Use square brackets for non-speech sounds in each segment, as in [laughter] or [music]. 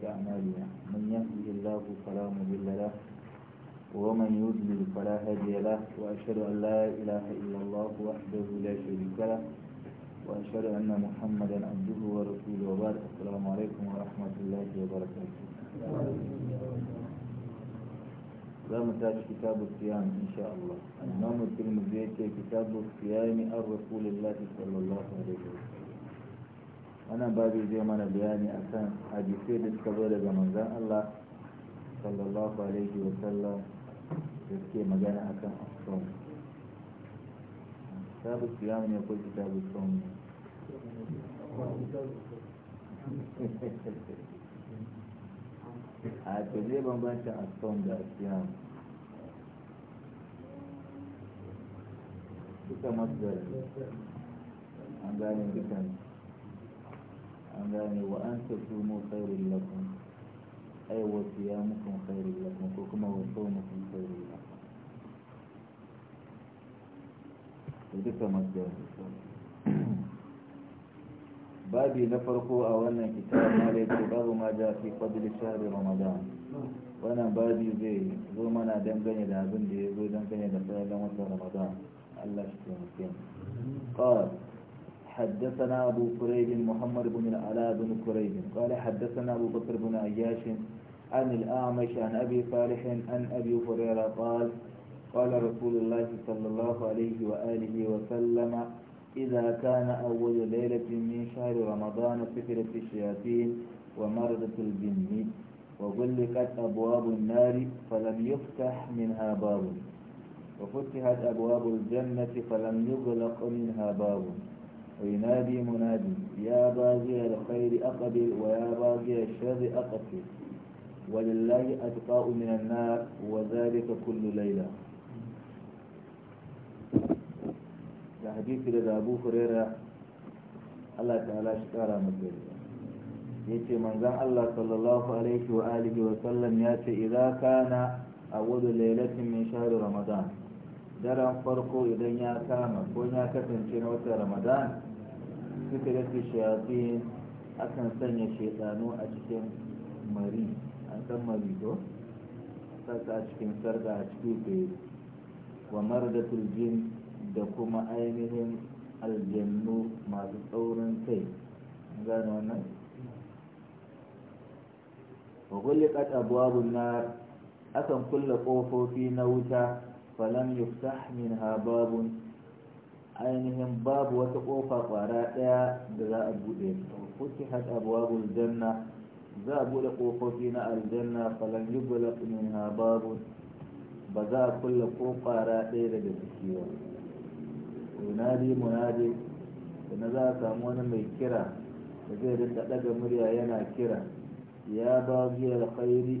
سيئات أعمالنا من يهده الله فلا مضل له ومن يضلل فلا هادي له وأشهد أن لا إله إلا الله وحده لا شريك له وأشهد أن محمدا عبده ورسوله وبارك السلام عليكم ورحمة الله وبركاته زم تاج كتاب الصيام إن شاء الله في الترمذي كتاب الصيام الرسول الله صلى الله عليه وسلم wannan babu zai mana bayani akan hadisai da suka zo daga manzon Allah sallallahu alaihi wa sallam da suke magana akan asom ne ko kitabu som ne [laughs] a to zai bambanta asom da an gane dukansu an gane wa an tasumu khairul lakum ai wa siyamukum khairul lakum ko kuma wa sawmukum khairul lakum to duka masdar [clears throat] babi na farko a wannan kitab ma da babu ma ja fi fadli shahri ramadan wannan babi zai zo mana dangane da abin da ya zo dangane da fadalan watan ramadan Allah shi taimake mu حدثنا أبو كريب محمد بن العلاء بن كريب قال حدثنا أبو بكر بن عياش عن الأعمش عن أبي صالح عن أبي هريرة قال قال رسول الله صلى الله عليه وآله وسلم إذا كان أول ليلة من شهر رمضان سفرت الشياطين ومرضت الجن وغلقت أبواب النار فلم يفتح منها باب وفتحت أبواب الجنة فلم يغلق منها باب وينادي منادي يا باغي الخير أقبل ويا باغي الشر أقفل ولله أتقاء من النار وذلك كل ليلة حديث لدى أبو هريرة الله تعالى شكرا مجد يتي من ذا الله صلى الله عليه وآله وسلم ياتي إذا كان أول ليلة من شهر رمضان daren farko idan ya kama ko ya kasance na watan ramadan suka fi shayatin akan sanya shaidanu a cikin mari a san mari ko saka a cikin sarga a cikin fere wa mardatul turjin da kuma ainihin aljannu masu tsaurin kai gano wannan wa kulli qat abwabun akan kulle kofofi na wuta falam min minha babun ainihin babu wata kofa kwara daya da za a bude ki hat abwabul janna za a bude kofofi na aljanna falan yubla minha babu ba za a kulle ko kwara daya daga ciki ba munadi munadi na za a samu wani mai kira da zai rinka daga murya yana kira ya babu alkhairi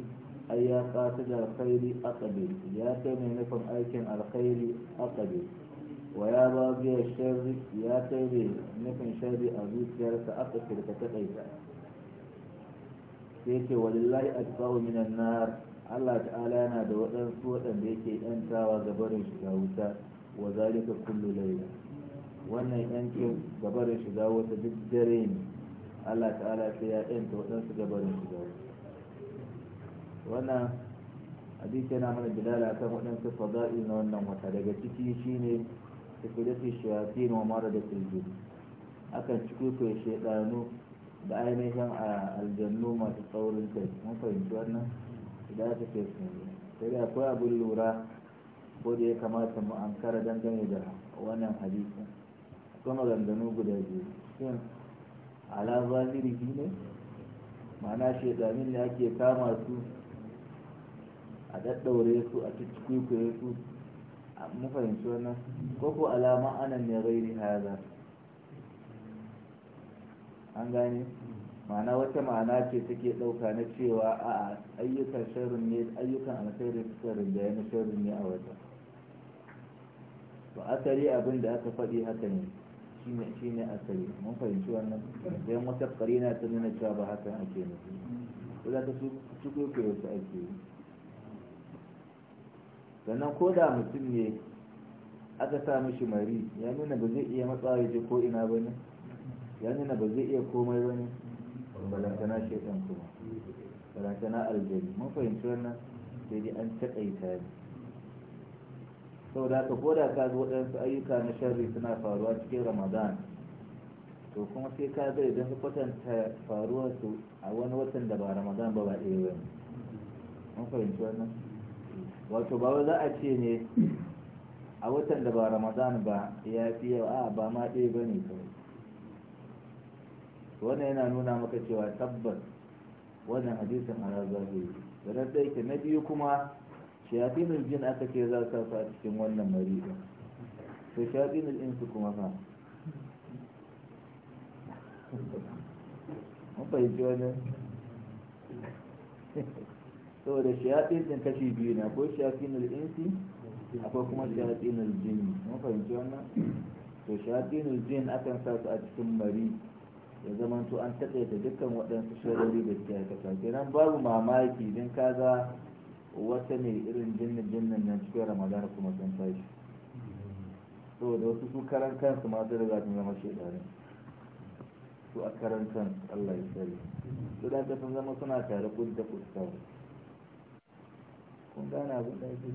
ai ya alkhairi aqbil ya kai mai nufin aikin alkhairi aqbil wa ya ba biya sharri ya kai da nufin sharri a zuciyarsa aka firka ta kaita sai ce walillahi atba'u minan nar Allah ta'ala yana da waɗansu waɗanda yake yantawa ga barin shiga wuta wa zalika kullu layla wannan yankin ga barin shiga wuta duk dare ne Allah ta'ala sai ya yanta waɗansu ga barin shiga wuta wannan hadisi yana mana bilala kan waɗansu fada'i na wannan wata daga ciki shine ikilafi shayatin wa da aljin akan cikin shaidanu da ainihin a aljannu masu tsaurin kai mun fahimci wannan idan aka ce su sai da akwai abin lura ko da ya kamata mu an kara dangane da wannan hadisi akwai maganganu guda biyu shin ala zahirihi ne ma'ana shaidanun ne ake kama su a daddaure su a cikin su mu wannan ko ko alama anan ne gairi haza an gane ma'ana wata ma'ana ce take ɗauka na cewa a ayyukan sharrin ne ayyukan alkhairi suka da na sharrin ne a wata to asali abin da aka faɗi haka ne shine shine asali mun fahimci wannan idan wata ƙarina ta nuna cewa ba haka ake nufi ko za ta su ko ake yi sannan ko da mutum ne aka sa mishi mari ya nuna ba zai iya matsawa ya je ko ina ba ne ya nuna ba zai iya komai ba ne balantana shaitan kuma balantana aljani mun fahimci wannan sai dai an taƙaita ne saboda haka ko da ka ga waɗansu ayyuka na sharri suna faruwa cikin ramadan to kuma sai ka zai don ka kwatanta faruwarsu a wani watan da ba ramadan ba ba ɗaya ba ne mun fahimci wannan wato ba za a ce ne a watan da ba ramadan ba ya fi yau a ba ma ɗaya ba ne kawai wannan yana nuna maka cewa tabbas wannan hadisin a razzabi da na ɗaya na biyu kuma shayatinul jin aka ce za su a cikin wannan mariba to shayatinul insu kuma ba mun fahimci wani saboda shayatin din kashi biyu ne akwai shayatin al akwai kuma shayatin al-jinn mun fahimci wannan to shayatin al akan sa su a cikin mari ya zama to an takaita dukkan waɗansu shirori da suke aikata kenan babu mamaki ka kaga wata ne irin jinnin jinnin nan cikin ramadana kuma sun tashi saboda wasu su karan kansu masu riga sun zama shaidanin su a karan kansu allah ya sani su da sun zama suna tare kun da fuskar kun gana abin da yake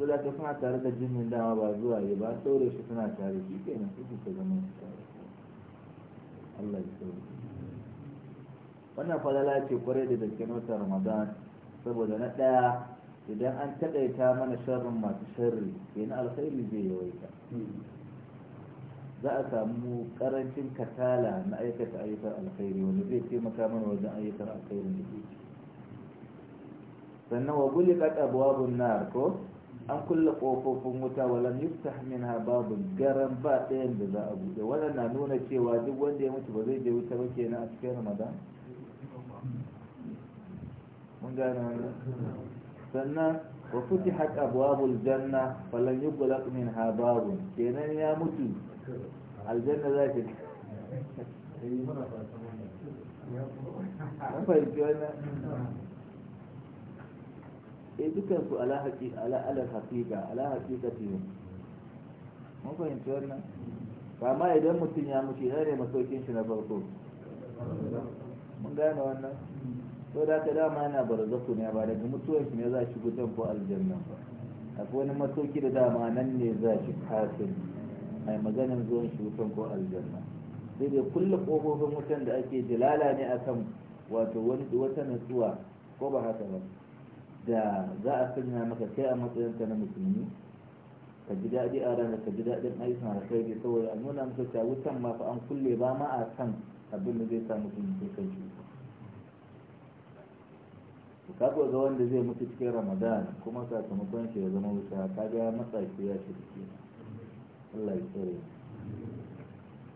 so da ka suna tare da jinin dama ba zuwa yi ba saboda shi suna tare shi ke nan suke ta zama tare Allah ya sauri wannan falala ce kwarai da dake wata ramadan saboda na ɗaya idan an taɗaita mana sharrin masu sharri kenan alkhairi zai yawaita za a samu karancin katala na aikata ayyukan alkhairi wanda zai taimaka mana wajen ayyukan alkhairin da ke ciki sannan wa gulikat abwabun na ko an kulle ƙofofin wuta walam yuftah minha babun garan ba ɗayan da za a buɗe wannan na nuna cewa duk wanda ya mutu ba zai je wuta ba kenan a cikin ramadan mun gane wannan sannan wa futihat abwabul janna falam yughlaq minha babun kenan ya mutu aljanna za ta an fahimci wannan eh dukansu ala haƙiƙa ala haƙiƙati ne mun fahimci wannan kama idan mutum ya mutu ya ne masaukin shi na farko mun gane wannan to da ka dama yana barzaku ne ba daga mutuwar shi ne za shi gutan ko aljanna ba a wani masauki da dama nan ne za shi kafin mai maganin zuwan shi gutan ko aljanna sai dai kulle kofofin wutan da ake jilala ne akan wato wani wata natsuwa ko ba haka ba da za a sanya maka kai a matsayinka na musulmi ka ji daɗi a ranar ka ji daɗin ayyukan alkhairi saboda a nuna maka cewa wutan ma fa an kulle ba ma a kan abin da zai sa mutum ya kai shi ka ga wanda zai mutu cikin ramadan kuma sakamakon shi ya zama wuta ka ga matsa shi ya shi ke Allah ya tsare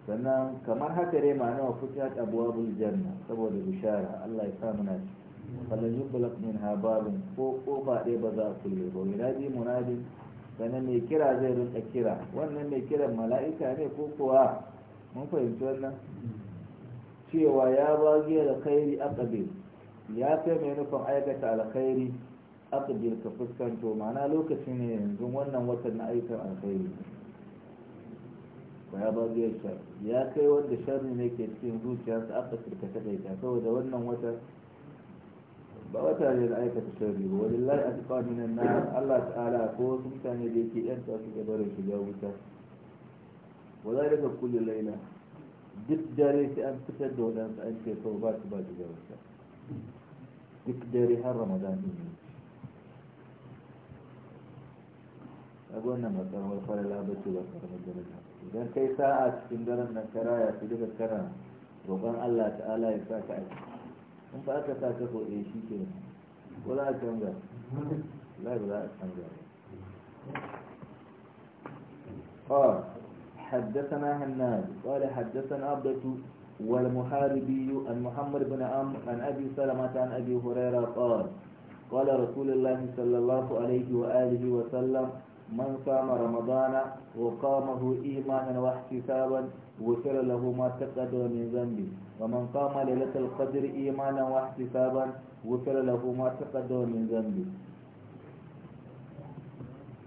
sannan kamar haka dai ma'ana wa abuwa bul janna saboda bishara Allah ya sa muna ciki falan yughlaq minha babun ko kofa ɗaya ba za a kulle ba yunadi munadin sannan mai kira zai rinka kira wannan mai kiran mala'ika ne ko kuwa mun fahimci wannan cewa ya bagi alkhairi aqbil ya kai mai nufin aikata alkhairi aqbil ka fuskanto ma'ana lokaci ne yanzu wannan watan na aikin alkhairi ya bagi ya kai wanda sharri ne ke cikin zuciyarsa aqbil ka takaita saboda wannan watan ba wata ne da aikata sharri ba walillahi atqa minan nar Allah ta'ala ko wasu mutane da yake yan tasu ga barin ga wuta wa zalika kullu laina duk dare sai an fitar da wadansu an ce kawai ba su ba su ga wuta duk dare har ramadan din ne a wannan fara labarci ba ce ba da daraja idan kai sa'a cikin daren nan karaya su duka karan. roƙon Allah ta'ala ya sa ka aiki. ba aka shi ke ko za a canza قال حدثنا هناد قال حدثنا عبدة والمحاربي عن محمد بن عمرو عن أبي سلمة عن أبي هريرة قال قال رسول الله صلى الله عليه وآله وسلم من صام رمضان وقامه إيمانا واحتسابا غفر له ما تقدم من ذنبه ومن قام ليلة القدر إيمانا واحتسابا غفر له ما تقدم من ذنبه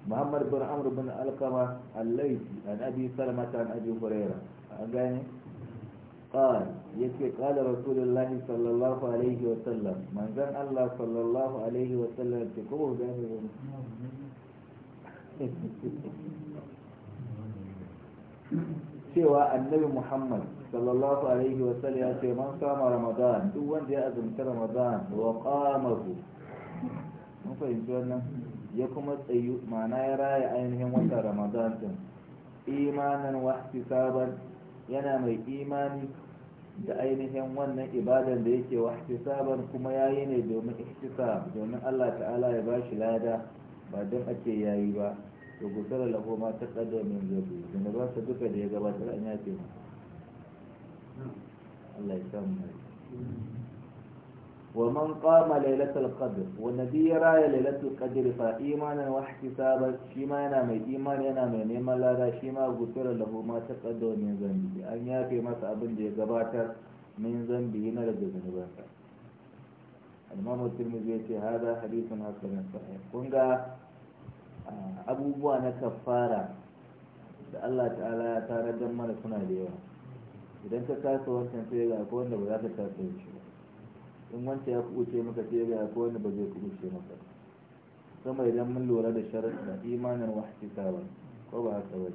محمد بن عمرو بن القمة الليثي عن أبي سلمة عن أبي هريرة قال يتي قال رسول الله صلى الله عليه وسلم من ذن الله صلى الله عليه وسلم تكوه ذنبه cewa annabi muhammad sallallahu alaihi wasallam ya ce man kama ramadan duk wanda ya azumta ramadan wa qamahu mun fahimci wannan ya kuma tsayu ma'ana ya raya ainihin watan ramadan din imanan wa ihtisaban yana mai imani da ainihin wannan ibadan da yake wa ihtisaban kuma yayi ne domin ihtisab domin Allah ta'ala ya bashi lada ba don ake yi ba to gusara lafo ma ta kada min zobe da na ba ta duka da ya gabatar an yafe mu Allah ya san mu wa man qama lailatul qadr wa nabi yara qadr fa imanan wa ihtisaban shi ma yana mai imani yana mai neman lada shi ma gusara lafo ma ta kada min zobe an yafe masa abin da ya gabatar min zambi na da zanubansa al-imam tirmidhi ya ce hada hadithun hasanun sahih kun ga abubuwa na kafara da Allah ta'ala ya tare da mana suna da yawa idan ka kasa wancan sai ga akwai wanda ba za ka kasa shi ba in wancan ya kubuce maka sai ga akwai wanda ba zai kubuce maka sama idan mun lura da sharaɗa imanin wahtisaban ko ba haka ba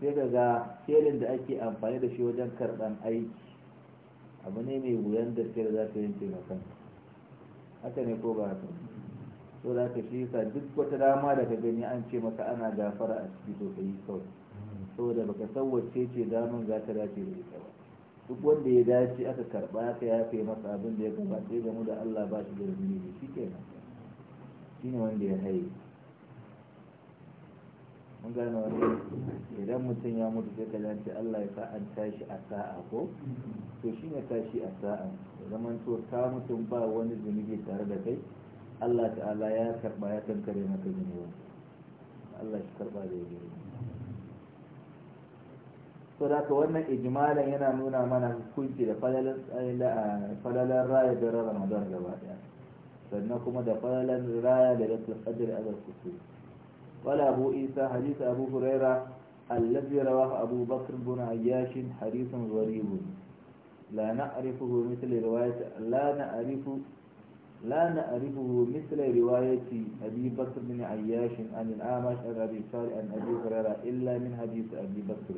sai ga ga kelin da ake amfani da shi wajen karɓan aiki abu ne mai wuyan gaske da za ka yanke taimakon haka ne ko ba haka so da ka shi yasa duk wata dama da ka gani an ce maka ana gafara a ciki to kawai saboda baka san wacce ce daman za ta dace da ita ba duk wanda ya dace aka karba aka yafe masa abin da ya gabata ya gamu da Allah ba shi da ne shi kenan shine wanda ya haye mun gane wani idan mutum ya mutu sai ka lance Allah ya sa an tashi a sa'a ko to shi ne tashi a sa'a zaman to ka mutum ba wani zunubi tare da kai Allah ta'ala ya karba ya kankare maka zunubi Allah shi karba da ya to da wannan ijmalan yana nuna mana hukunci da falalar eh, raya da ramadan gaba daya sannan kuma da falalar raya da rasul qadr ala kusuri قال أبو إيسى حديث أبو هريرة الذي رواه أبو بكر بن عياش حديث غريب لا نعرفه مثل رواية لا نعرف لا نعرفه مثل رواية أبي بكر بن عياش عن الأعمش عن أبي صالح عن أبي هريرة إلا من حديث أبي بكر.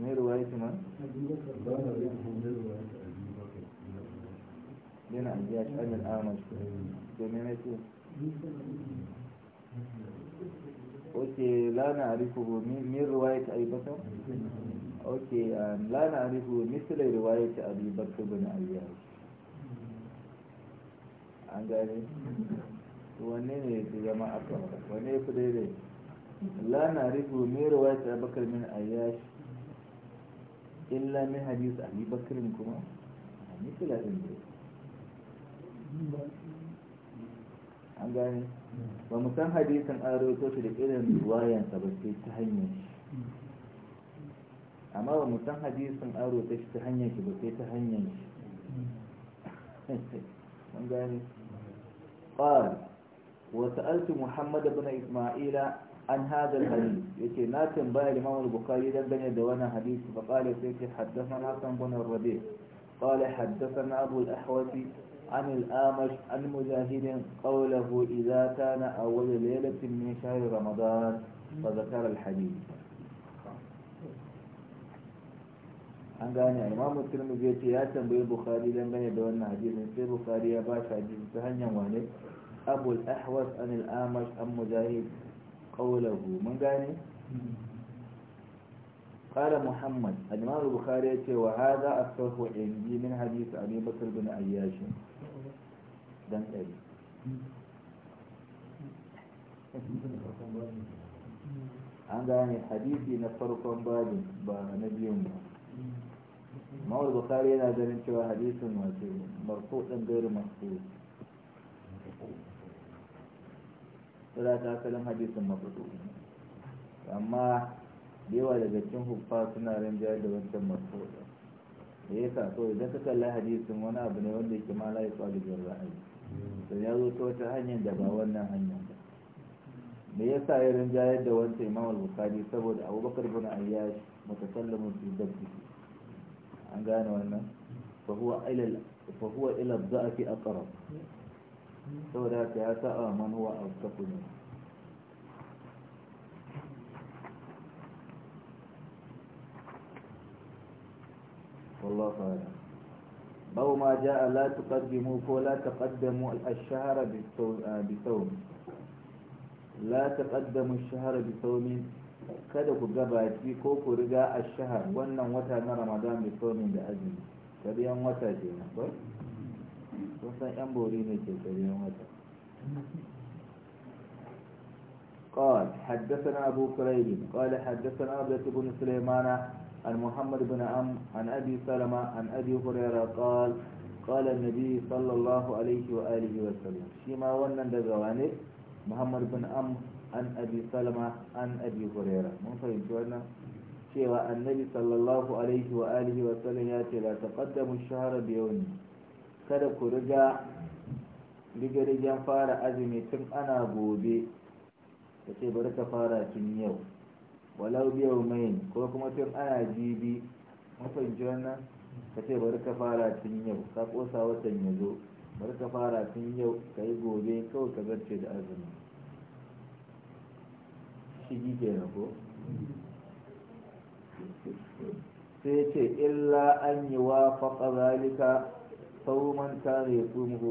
من رواية من؟ أبي بكر نعم جاءت عن الآمل سمعته أوكي لا نعرفه من رواية أي بكر أوكي لا نعرفه مثل رواية أبي بكر بن أياس عندي ونين جماعة ونين فريدي لا نعرفه من رواية أبي بكر من أياس إلا من حديث أبي بكر منكم مثل هذا an gane ba mu san hadisan an rawaito shi da irin ruwayansa ba sai ta hanyar shi amma ba mu san hadisan an rawaito shi ta hanyar shi ba sai ta hanyar shi [laughs] an gane قال وسألت محمد بن إسماعيل عن هذا الحديث يتي ناتن da wannan البخاري دبني دوانا حديث فقال سيتي حدثنا حسن بن الربيع قال حدثنا أبو الأحوث عن الآمش عن مجاهد قوله إذا كان أول ليلة من شهر رمضان فذكر الحديث an gane a imamu turmuzi ya ce ya tambayi bukhari dangane da wannan hadisin sai bukhari ya ba shi hadisi ta hanyar wane abul ahwas an al'amash an mujahid qawlahu mun gane قال محمد الإمام البخاري وهذا الصحيح عندي من حديث أبي بكر بن عياش dan ɗari an gane hadisi na farkon babin ba na biyun ba mawar bukari yana ganin cewa hadisin masu marko ɗin gairu masu tsira ta asalin hadisin mafudu amma yawa daga cikin huffa suna rinjayar da wancan masu da ya sa so idan ka kalla hadisin wani abu ne wanda yake ma layi da ra'ayi to ya zo ta wata hanyar da ba wannan hanyar ba me sa ya rinjayar da wancan imam al-bukhari saboda abubakar bin ayyash mutakallamin fi dabbi an gane wannan fa huwa ila fa huwa ila dha'fi aqrab saboda haka ya sa a man huwa afsaku ne والله أعلم أو ما جاء لا تقدموا فلا تقدموا الشهر بصوم لا تقدموا الشهر بصوم kada ku gabaci ko ku riga a shahar wannan wata na ramadan da somin da azumi karyan wata ce na ba kun san yan bori ne ke karyan wata قال حدثنا أبو كريب قال حدثنا عبدة بن سليمان عن محمد بن عم عن أبي سلمة عن أبي هريرة قال قال النبي صلى الله عليه وآله وسلم شما ونن دغواني محمد بن عم عن أبي سلمة عن أبي هريرة من فهمت وانا شيوا النبي صلى الله عليه وآله وسلم ياتي لا تقدم الشهر بيوم kada ku riga rigirgen fara azumi tun ana gobe ta ce bari ka fara tun yau walau biyar main ko kuma tun ana jibi mafanci wannan ka ce bari ka fara tun yau ka kosa watan ya zo bari ka fara tun yau ka yi gobe kawai ka zarce da azumi shigi na ko sai ce illa an yi wa faƙa zalika sauman kare ya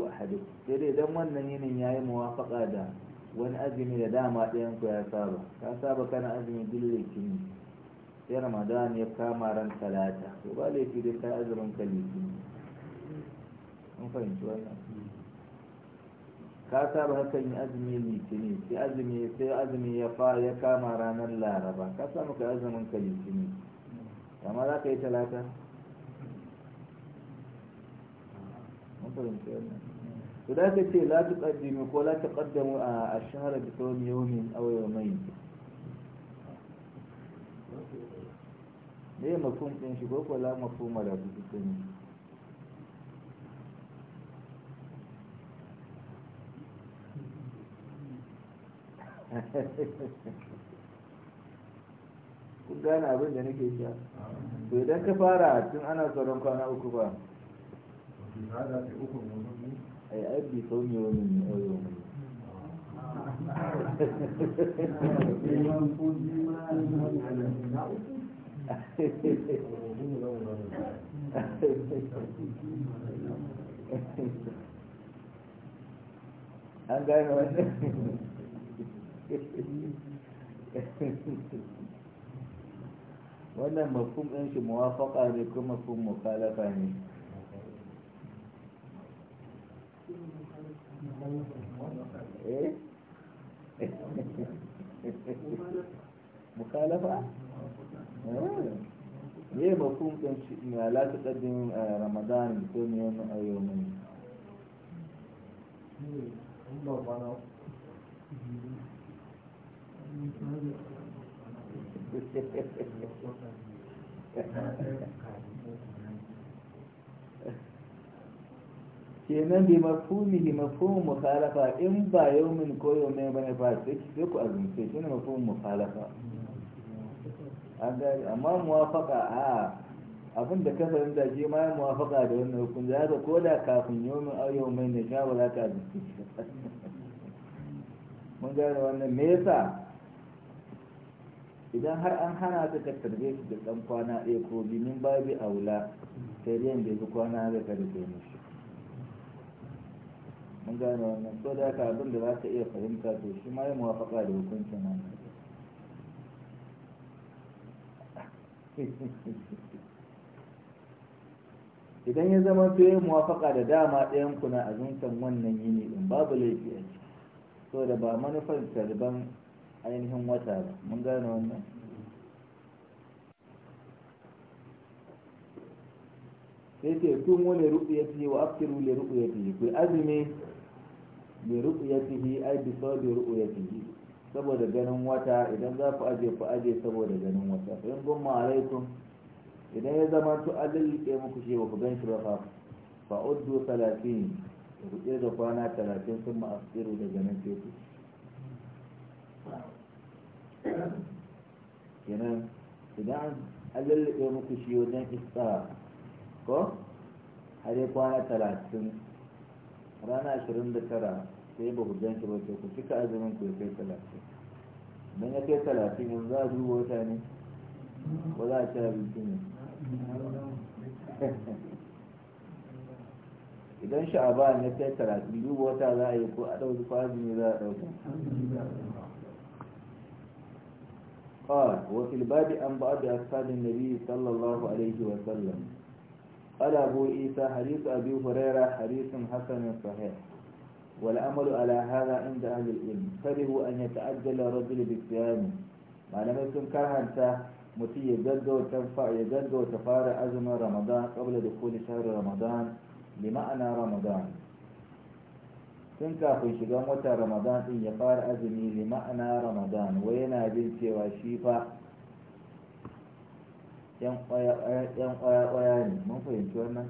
a hadis sai dai idan wannan yinin ya yi muwafaƙa da wani azumi da dama ɗayan ku ya saba ka saba kana azumi duk litini sai ramadan ya kama ran talata to ba laifi dai ka azumin ka litini an fahimci wannan ka saba hakan yi azumi litini sai azumi sai azumi ya fa ya kama ranar laraba ka samu ka azumin ka litini amma za ka yi talata an fahimci wannan to da ka ce la tuqaddimu ko la ƙaddamu a ash-shahra yau sawmi yawmin mai. yawmayn ne mafum ɗin shi ko ko la mafhum da dukkan [laughs] kun gane abin da nake sha to idan ka fara tun ana tsoron kwana uku ba ai ai bi so ne wani ni o yo an gane wani wannan mafum ɗin shi muwafaƙa ne kuma mafum ne Eh? [laughs] mukhalafa eh. eh, ne ba kun kunci na kenan bi mafhumihi mafhum mukhalafa in ba yawmin ko yawmin bane ba sai sai ku azumce shi ne mafhum mukhalafa amma muwafaqa a abin da ka fahimta shi ma ya muwafaqa da wannan hukun za ko da kafin yawmin au yawmin ne sha ba za ka azumce shi mun gane wannan me yasa idan har an hana ka ka tarbe shi da dan kwana ɗaya ko biyu min babu aula sai dai bai bi kwana da ka da kai mun gane wannan so da haka abin da za ka iya fahimta to shi ma ya muwafaka da hukuncin nan idan ya zama to ya muwafaka da dama ɗayan kuna zuntan wannan yini din babu laifi a ciki so da ba manufar karban ainihin wata ba mun gane wannan sai ce tun wani fiye wa afkiru ya fiye ku azumi bi ru'yatihi ay bi sabi ru'yatihi saboda ganin wata idan za ku aje ku aje saboda ganin wata in gumma alaikum idan ya zama to an ke muku shi ba ku gan shi ba fa fa uddu salatin ku da kwana talatin sun ma'asiru da ganin sai ku kenan idan an lallike muku shi wajen isra ko har kwana talatin rana 29 sai ba hujjan jan shi ba ce ku cika azumin ku ya kai talatin dan ya kai talatin yanzu za a duba wata ne ba za a ci abinci ne [laughs] idan sha'aban ne kai talatin duba wata za a yi ko a ɗauki ko azumi za a ɗauka قال وفي الباب عن بعض أصحاب النبي صلى الله عليه وسلم قال أبو عيسى حديث أبي هريرة حديث حسن صحيح والعمل على هذا عند أهل العلم كرهوا أن يتعجل الرجل بالصيام ما لم يكن كرهنتا متي يجد وتنفع يجد وتفارع أزم رمضان قبل دخول شهر رمضان لمعنى رمضان tun kafin shigan watan ramadan din ya fara azumi lima'ana ramadan wai yana jin cewa shi fa yan kwaya-kwaya ne mun fahimci wannan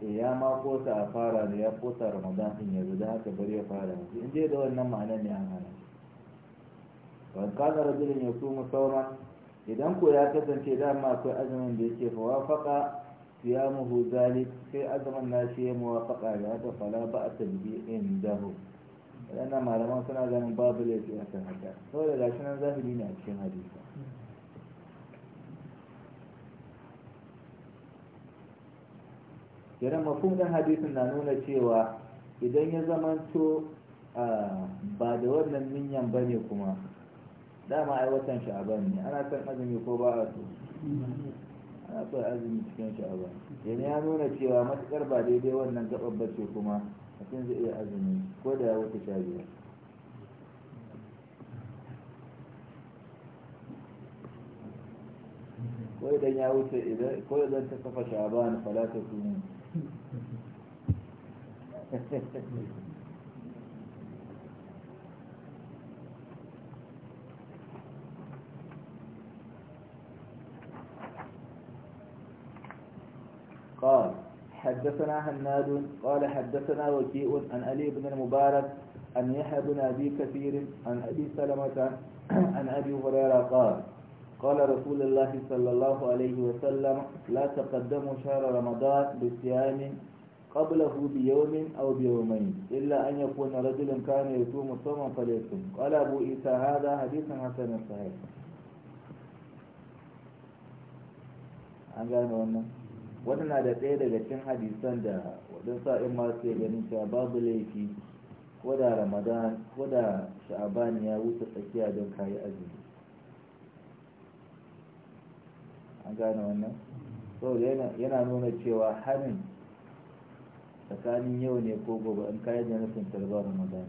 eh, ya ma kosa a fara da ya kosa ramadan din yanzu da haka bari ya fara yanzu in dai da wannan ma'anar ne an hana wani kana rajulin ya su musamman idan ko ya kasance dama akwai azumin da yake fawafaka siyamuhu zalik sai azumin na shi ya muwafaka da haka fala ba a tambi indahu waɗannan malaman suna ganin babu laifi a kan haka saboda gashi nan zahiri ne a cikin hadisi kiran mafhumin hadisin na nuna cewa idan ya zamanto ba da wannan minyan ba ne kuma dama ai watan sha'aban ne ana son azumi ko ba a so ana son azumi cikin sha'aban yana ya nuna cewa matukar ba daidai wannan gabar ce kuma mutum zai iya azumi ko da ya wuce sha biyar ko idan ya wuce idan ko idan ta kafa sha'aban falata su ne [laughs] قال حدثنا هناد قال حدثنا وكيء عن علي بن المبارك عن يحيى بن ابي كثير عن ابي سلمه عن ابي هريره قال قال رسول الله صلى الله عليه وسلم لا تقدموا شهر رمضان بصيام قبله بيوم أو بيومين إلا أن يكون رجل كان يصوم صوما فليصوم قال أبو عيسى هذا حديث حسن صحيح an gane wannan wannan na da ɗaya daga cikin hadisan da wadin sa'in ma sai ganin cewa babu laifi ko da ramadan ko da sha'aban ya wuce tsakiya don kayi azumi an gane wannan saboda yana nuna cewa hanin tsakanin yau ne ko gobe in kayan da nufin ba ramadan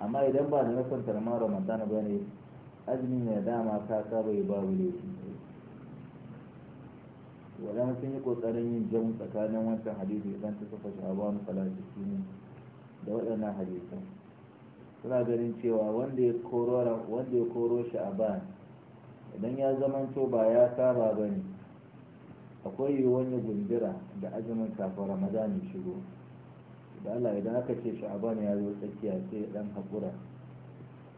amma idan ba da nufin ma ramadan ba ne azumin ya dama ka saba yi babu laifi wadanda sun yi kokarin yin jamu tsakanin wancan hadisi idan ta kafa sha'aban falasiki ne da waɗannan hadisan suna ganin cewa wanda ya koro shi a sha'aban idan ya zamanto ba ya saba ba ne akwai yiwuwar gundura da azumin kafin ramadan ya shigo da Allah idan aka ce sha'aban ya zo tsakiya sai dan haƙura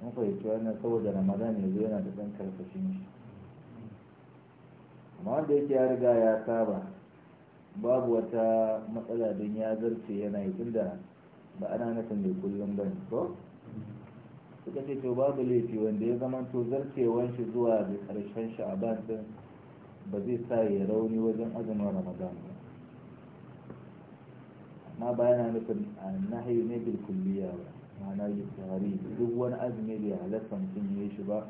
mun fahimci wannan saboda ramadan ya zo yana da dan karfashin shi amma wanda yake ya riga ya saba babu wata matsala don ya zarce yana yi tunda ba ana nufin mai kullum ba ko suka ce to babu laifi wanda ya zama to zarcewan shi zuwa da karshen sha'aban din ba zai sa ya rauni wajen azumin ramadan amma ba yana nufin nahayi ne bil kulliya ba na yi tsari duk wani azumi bai halatta mutum ya shi ba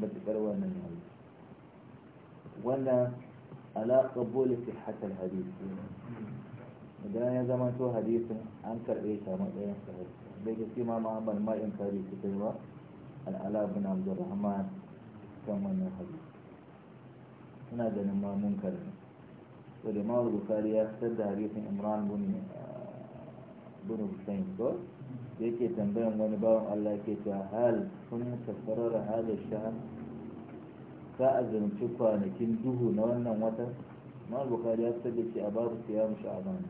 matuƙar wannan ya yi wannan ala qabuli sihhatil hadith idan ya zama to hadisin an karɓe shi a matsayin sahih da ke ma ma'amal ma'in kari kai ba al'ala bin abdurrahman kan wannan hadisi da ganin ma munkar ne to da mawar bukari ya fitar da hadisin imran bin bin hussein ko da yake tambayan wani bawan allah yake ta hal sun tafarar hada shahar ka azumci kwanakin duhu na wannan watan mawar bukari ya fitar da shi a babu siyamu sha'aban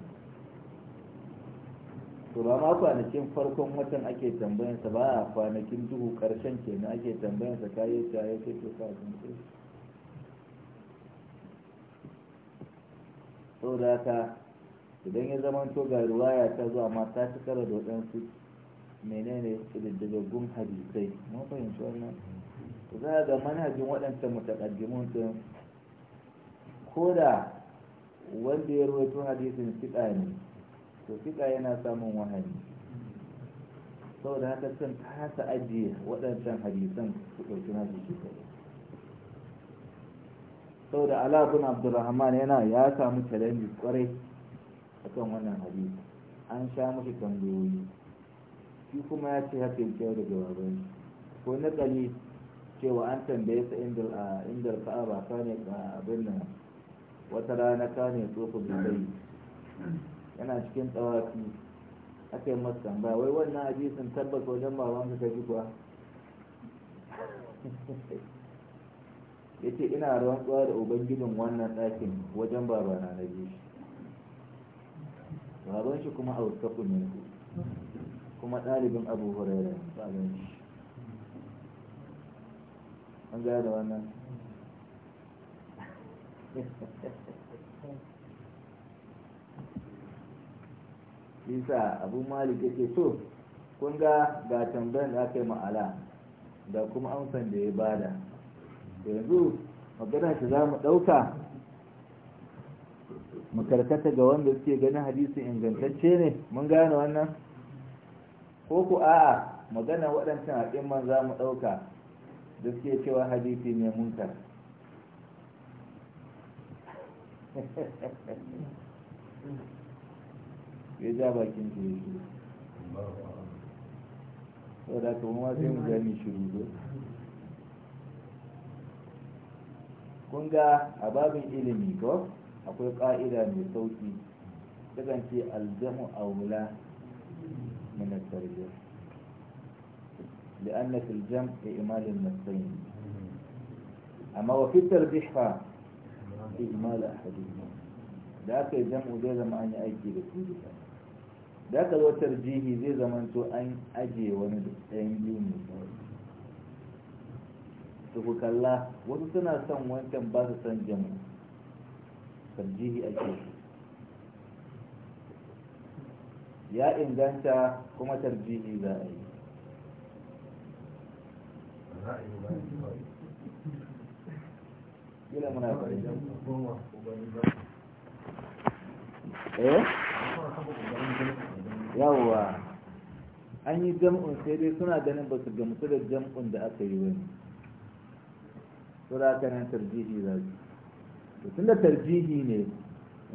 to ba ma kwanakin farkon watan ake tambayansa ba a kwanakin duhu karshen kenan ake tambayansa kayi ta ya ce to ka azumci saboda idan ya zama to ga ruwaya ta zuwa amma ta ci kara da waɗansu menene ƙididdigaggun hadisai mun fahimci wannan za a ga manhajin waɗancan mutaƙaddimun din ko da wanda ya rubuta hadisin fiƙa ne to fiƙa yana samun wahani saboda haka sun kasa ajiye waɗancan hadisan su ɗauki nasu shi kaɗai saboda ala bin abdurrahman yana ya samu challenge kwarai akan wannan hadisi an sha mashi tambayoyi shi kuma ya ce haka yake da jawabai ko na kali cewa an tambaye sa indal a indal ka'aba ka ne abin nan wata rana ka ne tsofa bai yana cikin tsawafi aka yi masa tambaya wai wannan hadisin tabbata wajen babanka ka ji kuwa [laughs] ya ce ina rantsuwa da ubangijin wannan ɗakin wajen babana na biyu shi baban shi kuma auskafu ne kuma ɗalibin abu huraira baban shi an gaya da wannan [laughs] isa abu malik yake so kun ga ga tambayar da aka yi ma'ala da kuma amsan da ya bada yanzu magana ta za mu ɗauka mu ga wanda suke ganin hadisin ingantacce ne mun gane wannan ko ku a'a magana waɗancan haƙimman za mu ɗauka da suke cewa hadisi ne munkar [laughs] ya ja bakin shi da shi sau da kuma sai mu gani shiru kunga a babin ilimi ko akwai ƙa'ida mai sauƙi sukan ce aljamu a wula na tarbiyya da an nafi jam a imalin nasayi amma wa fitar bihfa a imalin hadisi da kai jam'u zai zama an yi aiki da su da aka zo tarjihi zai zama an aje wani da ɗayan biyu mai su ku kalla wasu suna son wancan ba su son jamu tarjihi su ya inganta kuma tarjihi za a yi kila muna eh yawwa an yi jam'un sai dai suna ganin ba su gamsu da jam'un da aka yi wani to da haka nan tarjihi za su to tunda tarjihi ne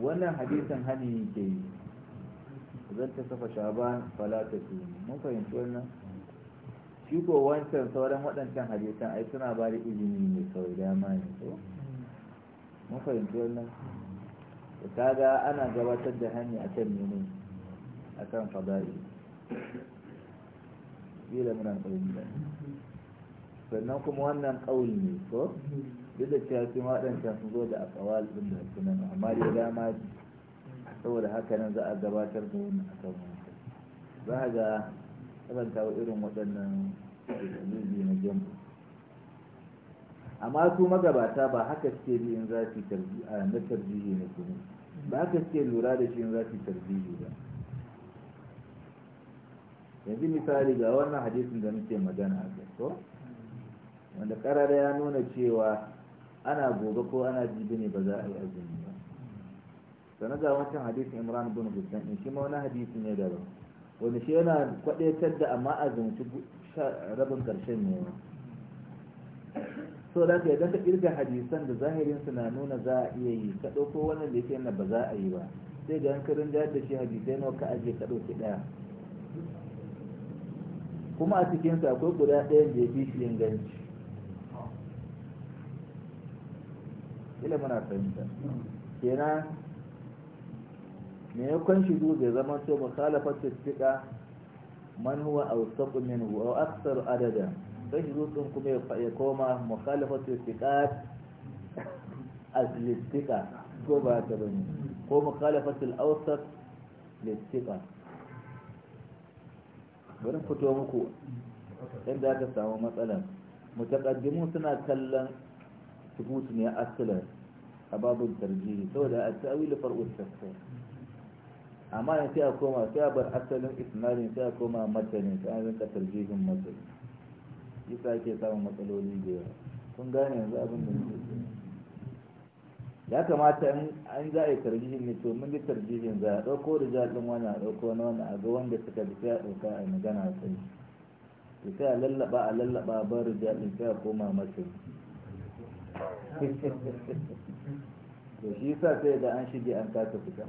wannan hadisin hani ke yi zan ta safa shaban fala ta mun fahimci wannan shi ko wancan sauran waɗancan hadisan ai suna ba da izini ne kawai dama ne ko mun fahimci wannan da kaga ana gabatar da hani a kan mene a kan fada'i ƙila muna fahimta sannan kuma wannan kawul ne ko duk da cewa sun waɗancan sun zo da a ƙawal ɗin da nan amma da dama saboda haka nan za a gabatar da wani a kan za a ga kalan kawo irin waɗannan zubi na jambu amma su magabata ba haka suke bi in za su na tarjihi na kuma ba haka suke lura da shi in za su tarjihi ba yanzu misali ga wannan hadisin da muke magana a ko wanda karara ya nuna cewa ana gobe ko ana jibi ne ba za a yi azumi ba sannan ga wancan hadisin imran bin hussein in shi ma wani hadisi ne daban Wani shi yana kwadaitar da amma azumci rabin karshen ne ba so da ka ka kirga hadisan da zahirin na nuna za a iya yi ka ɗauko wannan da yake na ba za a yi ba sai ga hankalin da da shi hadisai nawa ka ajiye ka ɗauki ɗaya kuma a cikinsa akwai guda ɗaya da ya fi shi inganci ila muna fahimta kenan me ya kunshi zu bai zama to mukhalafat tasdiqa man huwa awsaq minhu aw akthar adada sai zu din kuma ya koma mukhalafat tasdiqat al-istiqa ko ba ta bane ko mukhalafat al-awsaq lil-istiqa bari fito muku inda aka samu matsalan mutaqaddimu suna kallon ثبوت يا أصلا أباب الترجيح سواء التأويل فرق التفسير أما ينتهي أكوما سابر أصلا إثمار ينتهي أكوما مثل ينتهي أكوما ترجيح مثل yasa ake samun matsaloli da yawa yanzu abin da ya kamata an za a yi tarjihin ne to mun ji tarjihin za a ɗauko da jaɗin wani a ɗauko na wani a ga wanda suka bi sai a ɗauka a magana a kai to sai a lallaɓa a lallaɓa bar jaɗin sai a koma to shi sa sai da an shige an kasa fita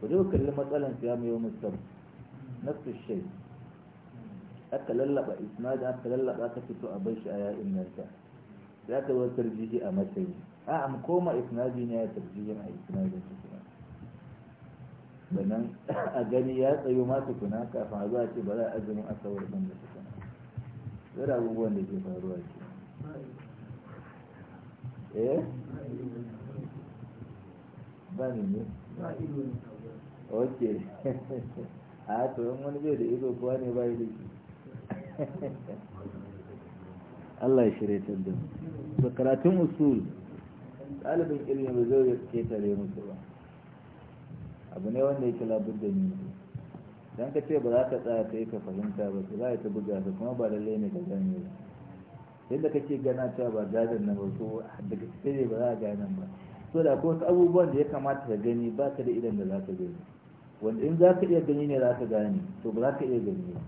ku ji kalli matsalan siya mai yawon musam nafsu shai aka lallaba da aka lallaba aka fito a bai shi a yayin nan ta za ta wani tarjihi a matsayi a am koma isma ne ya tarjihin a isnadin su kuma sannan a gani ya tsayo masu kuna kafin a zuwa ce ba za a azumin asawar ban da tukuna zai abubuwan da ke faruwa ke eh bani ne ne ok [laughs] a to yin wani bai da ido kuwa ne ba da shi [laughs] Allah ya shirya ta da karatun usul ɗalibin ilimin ba zai ke tare musu ba abu ne wanda yake labar da ni don ka ce ba za ka tsaya ka yi ka fahimta ba su za a ta buga su, kuma ba da ne ka gane ba yadda ce gana cewa ba jarin nan ba ko daga cikin ne ba za a gane ba so da ko wasu abubuwan da ya kamata ka gani ba ka da idan da za ka gani wanda in za ka iya gani ne za ka gane to ba za ka iya gani ba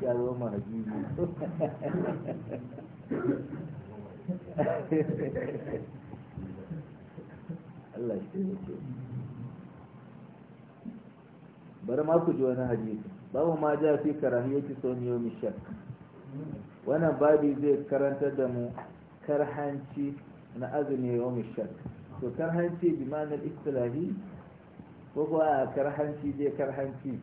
ya zama mahajiji Allah shi ce bari ma ku ji wani hadisi babu ma ja fi karahiyyati sawmi yawmi shakk wannan babi zai karanta da mu karhanci na azumi yawon shak to karhanci bi ma'anar istilahi ko kuwa karhanci zai karhanci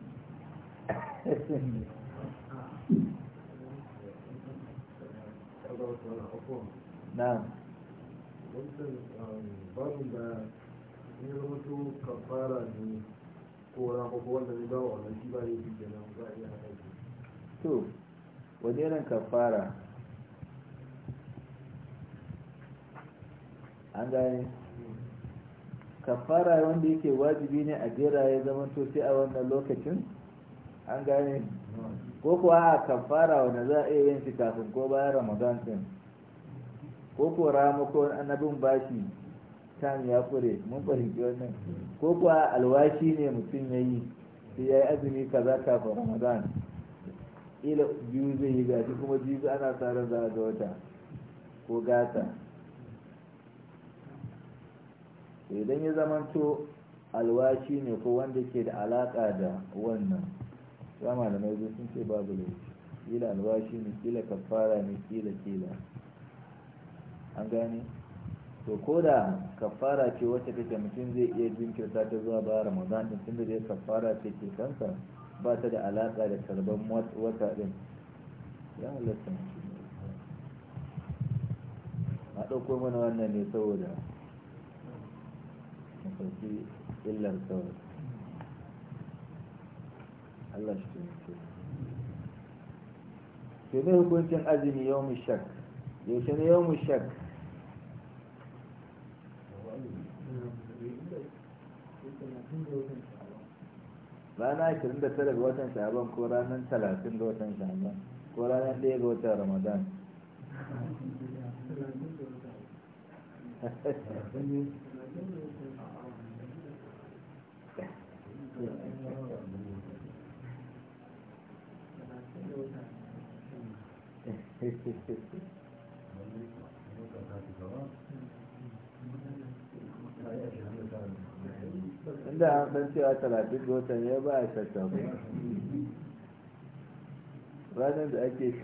na'am babin da ya zama to kafara ne ko rafa wanda ne ba wa wannan shi ba ne shi kenan za a iya haɗa to wani irin kafara an gane kafara wanda yake wajibi ne a jera ya zama sosai a wannan lokacin an gane ko kuwa a kafara wanda za a iya yin shi kafin ko bayan ramadan din ko ko ramuko annabin bashi can ya kure mun fahimci wannan ko kuwa alwashi ne mutum ya yi sai ya yi azumi kaza kafin ramadan kila biyu zai yi gashi kuma biyu ana tsara za a ga wata ko gata idan ya zamanto alwashi ne ko wanda ke da alaka da wannan ya da zai sun ce babu laifi kila alwashi ne kila kafara ne kila kila an gane to ko da kafara ce wacce take mutum zai iya jinkirta ta zuwa ba ramadan din tunda dai kafara ce ke kansa ba ta da alaƙa da karban wata ɗin ya halatta a ɗauko mana wannan ne saboda mafarki illar saurin. Allah shi taimake ke ne hukuncin azumi yau mu shak yaushe ne yau mu shak Thank you. rana tara ga watan sha'aban ko ranar talatin ga watan sha'aban ko ranar ɗaya ga watan ramadan Thank [laughs] you. inda an san cewa talatin da watan ya ba a shakka ranar da ake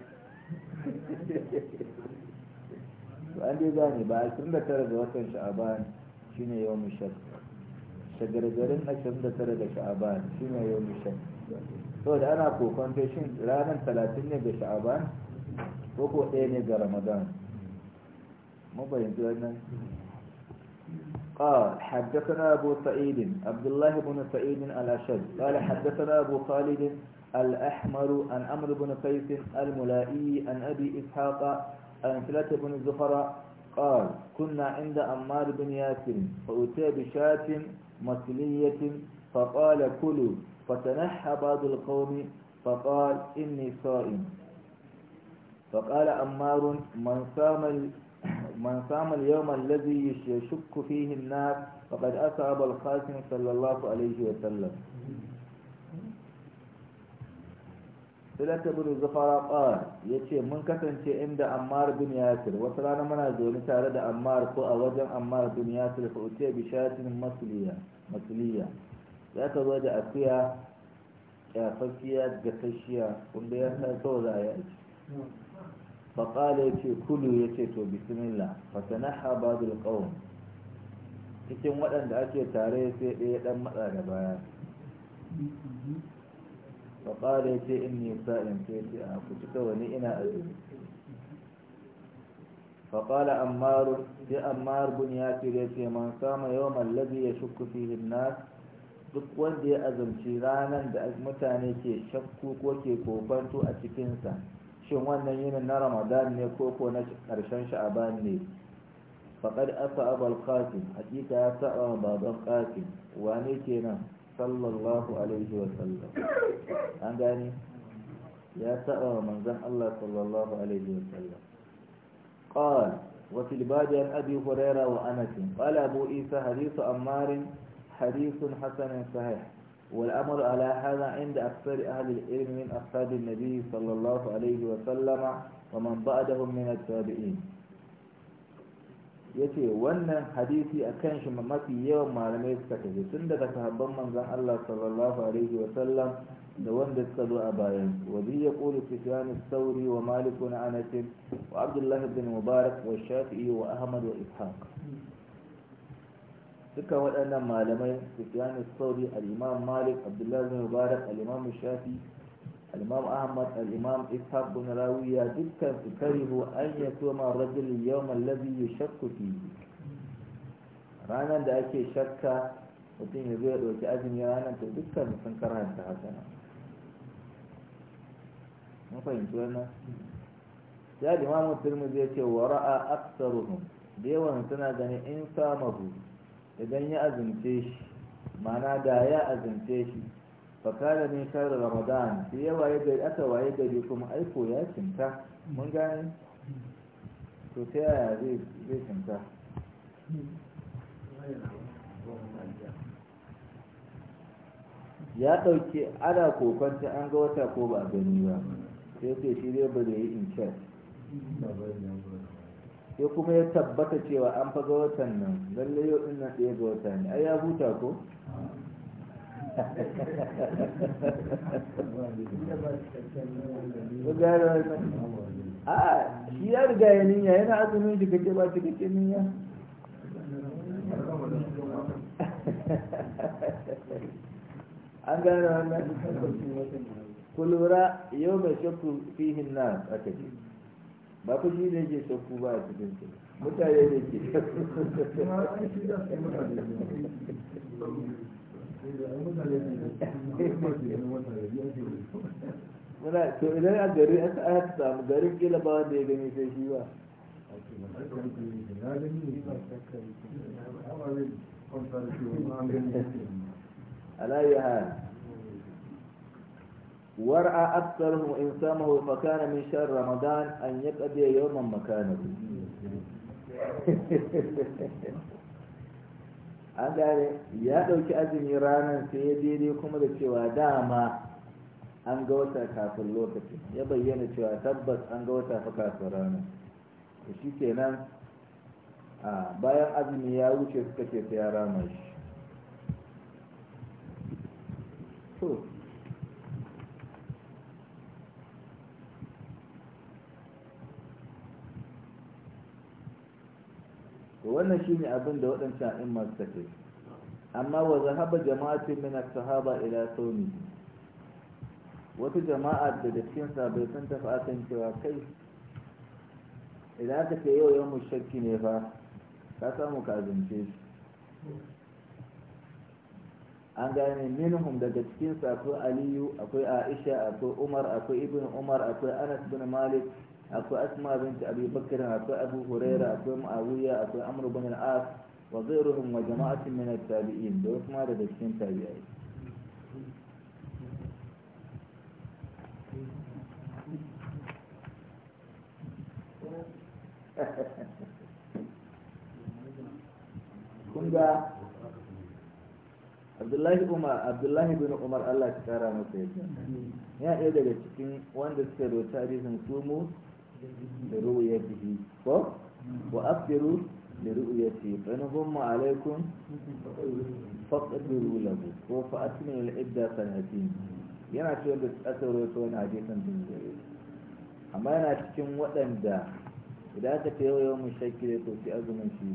[laughs] an dai gane ba ashirin da tara da watan sha'aban ne yau mishar shakka shagargarin ashirin da tara da sha'aban ne yau mishar sau da ana kokon shi ranar talatin ne ga sha'aban ko ko ɗaya ne ga ramadan mabayin nan. قال حدثنا أبو سعيد عبد الله بن سعيد الأشد قال حدثنا أبو خالد الأحمر عن عمرو بن قيس الملائي عن أبي إسحاق عن سلة بن زفر قال كنا عند عمار بن ياسر فأتي بشاة مصلية فقال كلوا فتنحى بعض القوم فقال إني صائم فقال عمار من صام من صام اليوم الذي يشك فيه الناس فقد أصاب الخاتم صلى الله عليه وسلم سلطة بن الزفارة قال يتي من كتن تي عند أمار بن ياسر وصلان من أزو نتارة أمار قوى وجن أمار بن ياسر فأتي بشات مسلية مسلية لا تزوج أكيا يا فكيا جتشيا كن بيسا توزا يأتي فقال ya ce kulu ya ce to فتنحى بعض القوم cikin waɗanda ake tare sai ɗaya ɗan matsa da baya faƙala ya ce in nisa in ce ce a ku cika wani ina azumi faƙala ammarun sai ammar bin ya ce ya ce man sama yawan lazi ya shukku fihin nas duk wanda ya azumci ranar da mutane ke shakku ko ke kofanto a cikinsa shin wannan yinin na ramadan ne ko ko na ƙarshen sha'aban ne faƙad asa abal qasim hakika ya taɓa wa baban qasim wane kenan sallallahu alaihi wa sallam an gani ya taɓa wa manzan Allah sallallahu alaihi wa sallam qal wa fil an abi hurairah wa anas qala abu isa hadithu ammar hadithun hasanin sahih والأمر على هذا عند أكثر أهل العلم من أصحاب النبي صلى الله عليه وسلم ومن بعدهم من التابعين yace wannan hadisi a kan shi mafi yawan malamai suka tafi tun daga sahabban manzan Allah sallallahu alaihi wa sallam da wanda suka zo a bayan wa bi yaqulu sufyan wa malik na anas wa abdullah ibn mubarak wa shafi'i wa ahmad wa ishaq dukkan waɗannan malamai sufyan al sauri al-imam malik abdullah bin mubarak al-imam shafi al-imam ahmad al-imam ishaq bin rawiya dukkan su karihu an yasuma ar-rajul yawm alladhi yashakku fihi ranan da ake shakka mutum ya zo ya ɗauki azumi ranan to dukkan sun karanta haka nan mun fahimci wannan ya limamu turmi zai ce wa ra'a aktsaruhum dewan suna ganin in samahu idan ya azumce shi mana da ya azumce shi fakala min shahar ramadan shi ya waye gari aka waye gari kuma aiko ya cinta mun gane to ta yaya zai cinta ya ɗauki ana kokonta an ga wata ko ba gani ba sai ce shi zai bada yi in chat sai kuma ya tabbata cewa an faga watan nan lalle yau ina ɗaya ga wata ne ai ya huta ko a shi ya riga ya niyya yana azumi daga ke ba daga ke niyya an gane wannan kulura yau mai shakku fihin nan aka ce ba ku shi ne ke sauku ba a cikin su mutane ne ke a gari samu gari kila ba ya gani sai shi ورأى أكثرهم إنسامه فكان من شهر رمضان أن يقضي يوما مكانه an gane ya ɗauki azumi ranar sai ya daidai kuma da cewa dama an ga wata kafin lokaci ya bayyana cewa tabbas an ga wata fa kafin ranar da shi kenan bayan azumi ya wuce suka ce sai ya rama shi wannan shine abin da waɗancan a'imma suka ce amma wa zahaba jama'atin min sahaba ila sauni wata jama'a da cikin sabai sun tafi akan cewa kai idan aka ce yau yau shakki ne fa ka samu ka azumce shi an gane minhum daga cikin sa akwai aliyu akwai aisha akwai umar akwai ibn umar akwai anas bin malik akwai asma binti abi bakr akwai abu huraira akwai muawiya akwai amr bin al-as wa ghayruhum wa jama'atin min at-tabi'in da wasu ma da cikin tabi'ai kun ga abdullahi umar abdullahi bin umar allah ya kara masa yadda ya ɗaya daga cikin wanda suka rota hadisin sumu. لرؤيته وأفطروا لرؤيته فنغم عليكم فاقدروا له وفأتموا العدة سنتين yana cewa da aka rawaito wani hadisan din gare amma yana cikin waɗanda idan aka ta yawa mu shakki da to sai azumin shi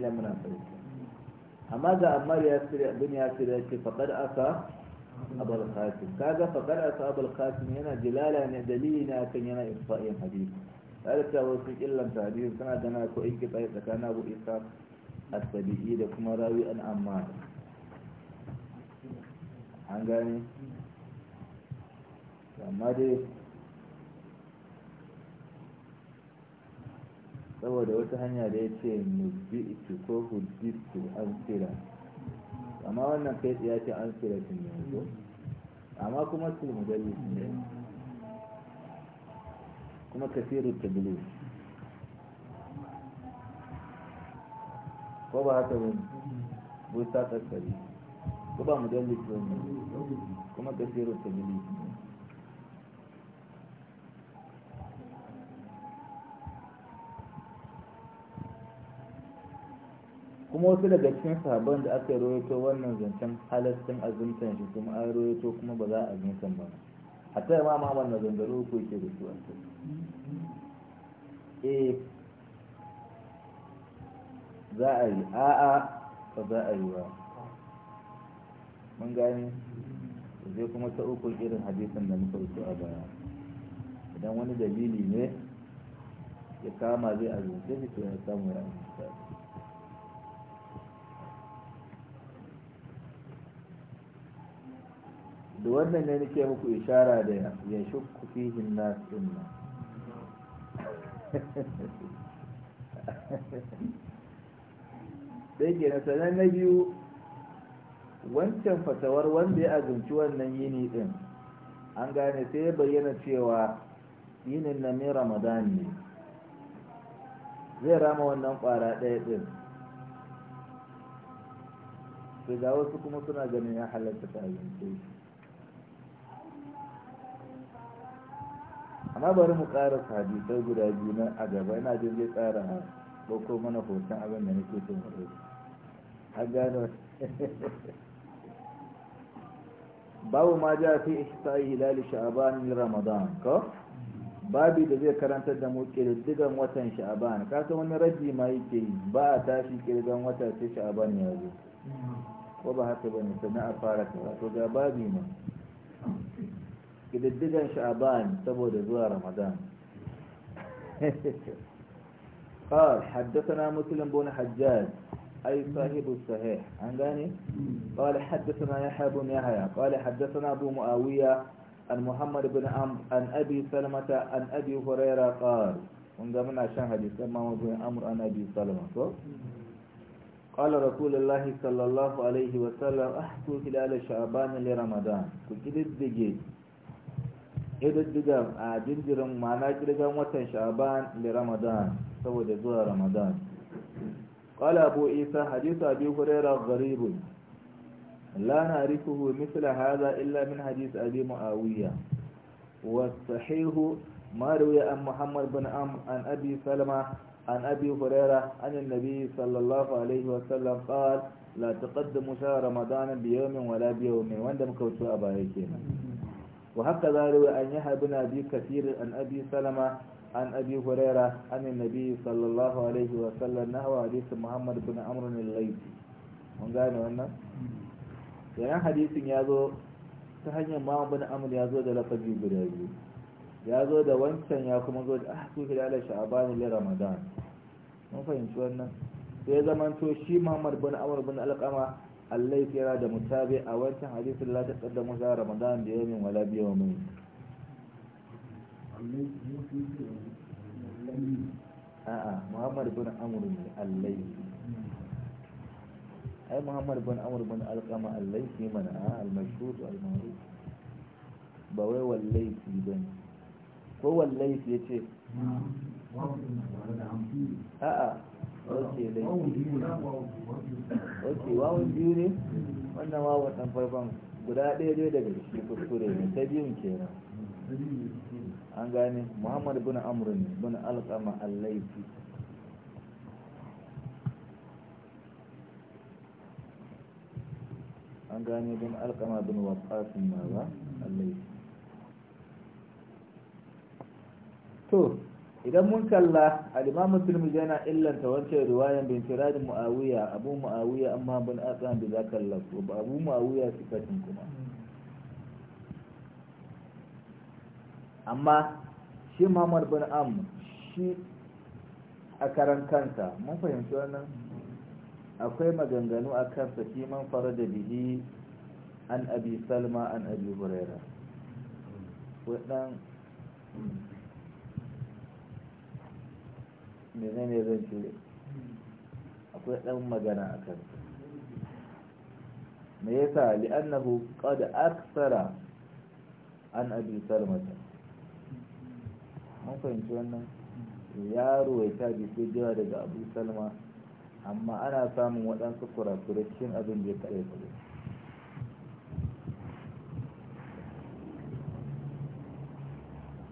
yake muna farko amma ga amma ya sirri abin ya sirri ya ce faɗar aka abul qasim kaga sa asabul qasim yana jilala ne dalili na kan yana infa'in hadisi ta wasu illan hadisi kana gana ko in tsaye tsakanin abu isa as da kuma rawi an amma an gane amma dai saboda wata hanya da ya ce nubi ko hudistu an tsira amma wannan kai tsaye ce an kira tun yanzu amma kuma su mudallis ne kuma kasiru tablis ko ba haka bu ta tsakari ko ba mudallis ne kuma kasiru tablis ne kuma wasu daga cikin sahabban da aka rawaito wannan zancen halastin azumtan shi kuma an rawaito kuma ba za a azumtan ba hatta ma ma wannan zangaro ko yake da su a eh za a yi a'a ba za a yi ba mun gani zai kuma ta uku irin hadisan da muka rutu a baya idan wani dalili ne ya kama zai azumce shi to ya samu ya azumta da wannan ne nake muku ishara da ya shukku fihin nas din nan da na sanar na biyu wancan fatawar wanda ya azumci wannan yini din an gane sai ya bayyana cewa yinin na mai ramadan ne zai rama wannan kwara ɗaya din sai ga wasu kuma suna ganin ya halatta ta azumce amma bari mu ƙara hadisai guda biyu nan a gaba ina jin zai ƙara boko mana hoton abin da nake so mu ɗauki an gano [laughs] babu ma ja fi ihsa'i hilal sha'ban min ramadan ko babi da zai karanta da mu kirdigan watan sha'ban ka san wani raji ma yake ba a tashi kirgan wata sai sha'ban ya zo ko ba haka bane sannan a fara to ga babi ne ƙididdigan sha'ban saboda zuwa ramadan قال حدثنا مسلم بن حجاج أي صاحب الصحيح عندني قال حدثنا يحيى بن يحيى قال حدثنا أبو معاوية عن محمد بن عمرو عن أبي سلمة عن أبي هريرة قال عندنا عشان حديث ما بن عمرو عن أبي سلمة قال رسول الله صلى الله عليه وسلم أحكوا خلال شعبان لرمضان كجد الدجيج ƙididdigan a jinjirin mana ƙirgan watan sha'ban da ramadan saboda zuwa ramadan قال أبو إيسى حديث أبي هريرة غريب لا نعرفه مثل هذا إلا من حديث أبي معاوية والصحيح ما روي عن محمد بن أم عن أبي سلمة عن أبي هريرة عن النبي صلى الله عليه وسلم قال لا تقدموا شهر رمضان بيوم ولا بيوم وندم كوتو أبا هيكينا وهكذا روي أن يحيى بن أبي كثير عن أبي سلمة عن أبي هريرة عن النبي صلى الله عليه وسلم نحو حديث محمد بن عمرو الليثي mun gane wannan yayin hadisin ya zo ta hanyar ma'amun amur ya zo da lafazi guda biyu ya zo da wancan ya kuma zo da ah sufi da ala sha'abani li ramadan mun fahimci wannan sai zaman to shi muhammad bin amur bin alqama allai kira da mutabi a wancan hadisin la taqaddamu sa ramadan da yamin wala bi yawmin a'a muhammad bin amr ne allai ai muhammad bin amr bin alqama allai ke mana a al-mashhur al-ma'ruf ba wai wallai ki bane ko wallai ki yace a'a ok laifi ake wawon biyu ne wannan wawon ɗan farkon guda ɗaya ne daga shi kuskure ne ta biyun kenan an gane muhammad bin amr ne bin alƙama allaifi an gane bin alƙama bin waƙasin ma ba allaifi to idan mun kalla al-imam tirmidhi yana illanta wancan riwayan bin firad muawiya abu muawiya amma bin asan bi zakal lafu abu muawiya sifatin kuma amma shi mamar bin am shi a karan kansa mun fahimci wannan akwai maganganu a kansa shi man fara da bihi an abi salma an abi huraira menene zan ce akwai ɗan magana a kan me yasa li'annahu qad aksara an abi salmata mun fahimci wannan yaro ya ta sai jewa daga abu salma amma ana samun waɗansu kurakurai abin da ya kare kare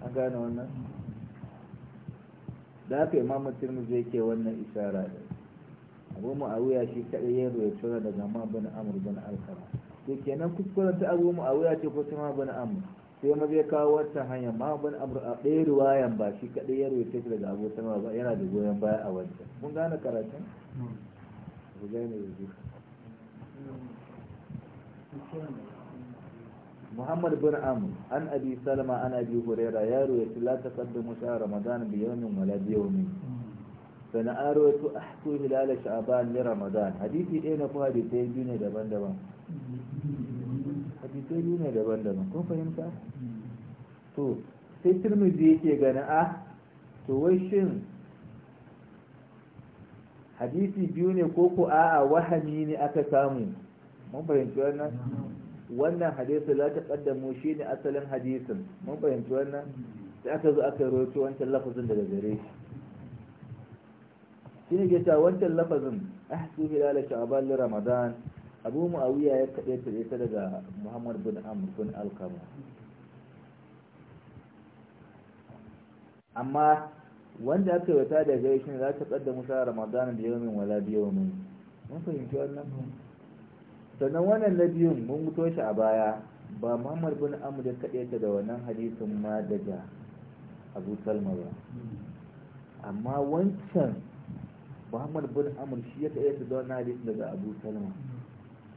an gane wannan da haka imamu tirmidhi yake wannan isara da abu muawiya shi kadai ya rawaito daga ma bin amr bin alkama to kenan kuskuren ta abu muawiya ce ko sai ma bin amr sai ma zai kawo wata hanya ma bin amr a ɗaya riwayan ba shi kadai ya rawaito shi daga abu sama ba yana da goyon baya a wancan mun gane karatun hmm. ku gane yanzu hmm. محمد بن عمرو عن ابي سلمة عن ابي هريره يا رويت لا تقدموا شهر رمضان بيوم ولا بيومين فانا أرويت أحكو هلال شعبان لرمضان حديثي اين نفو حديثين دون دبان دبان hadisai biyu ne daban-daban فهمت تو سيتر sai turmizi yake تو ويشن حديثي wai كوكو hadisi biyu ne ko ko a'a wahami wannan hadisi la shi ne asalin hadisin mun fahimci wannan sai aka zo aka rawaito wancan lafazin daga gare shi shi ne ta wancan lafazin ahsu hilal sha'ban li ramadan abu muawiya ya kade ta ta daga muhammad bin amr bin alqama amma wanda aka yi wata daga gare shi ne za ta kaddamo sa ramadan da yawmin wala bi mun fahimci wannan sannan wannan na biyun mun mutuwa shi a baya ba muhammad bin amur ya kaɗe da wannan hadisin ma daga abu salma ba amma wancan muhammad bin amur shi ya kaɗe da wannan hadisin daga abu salma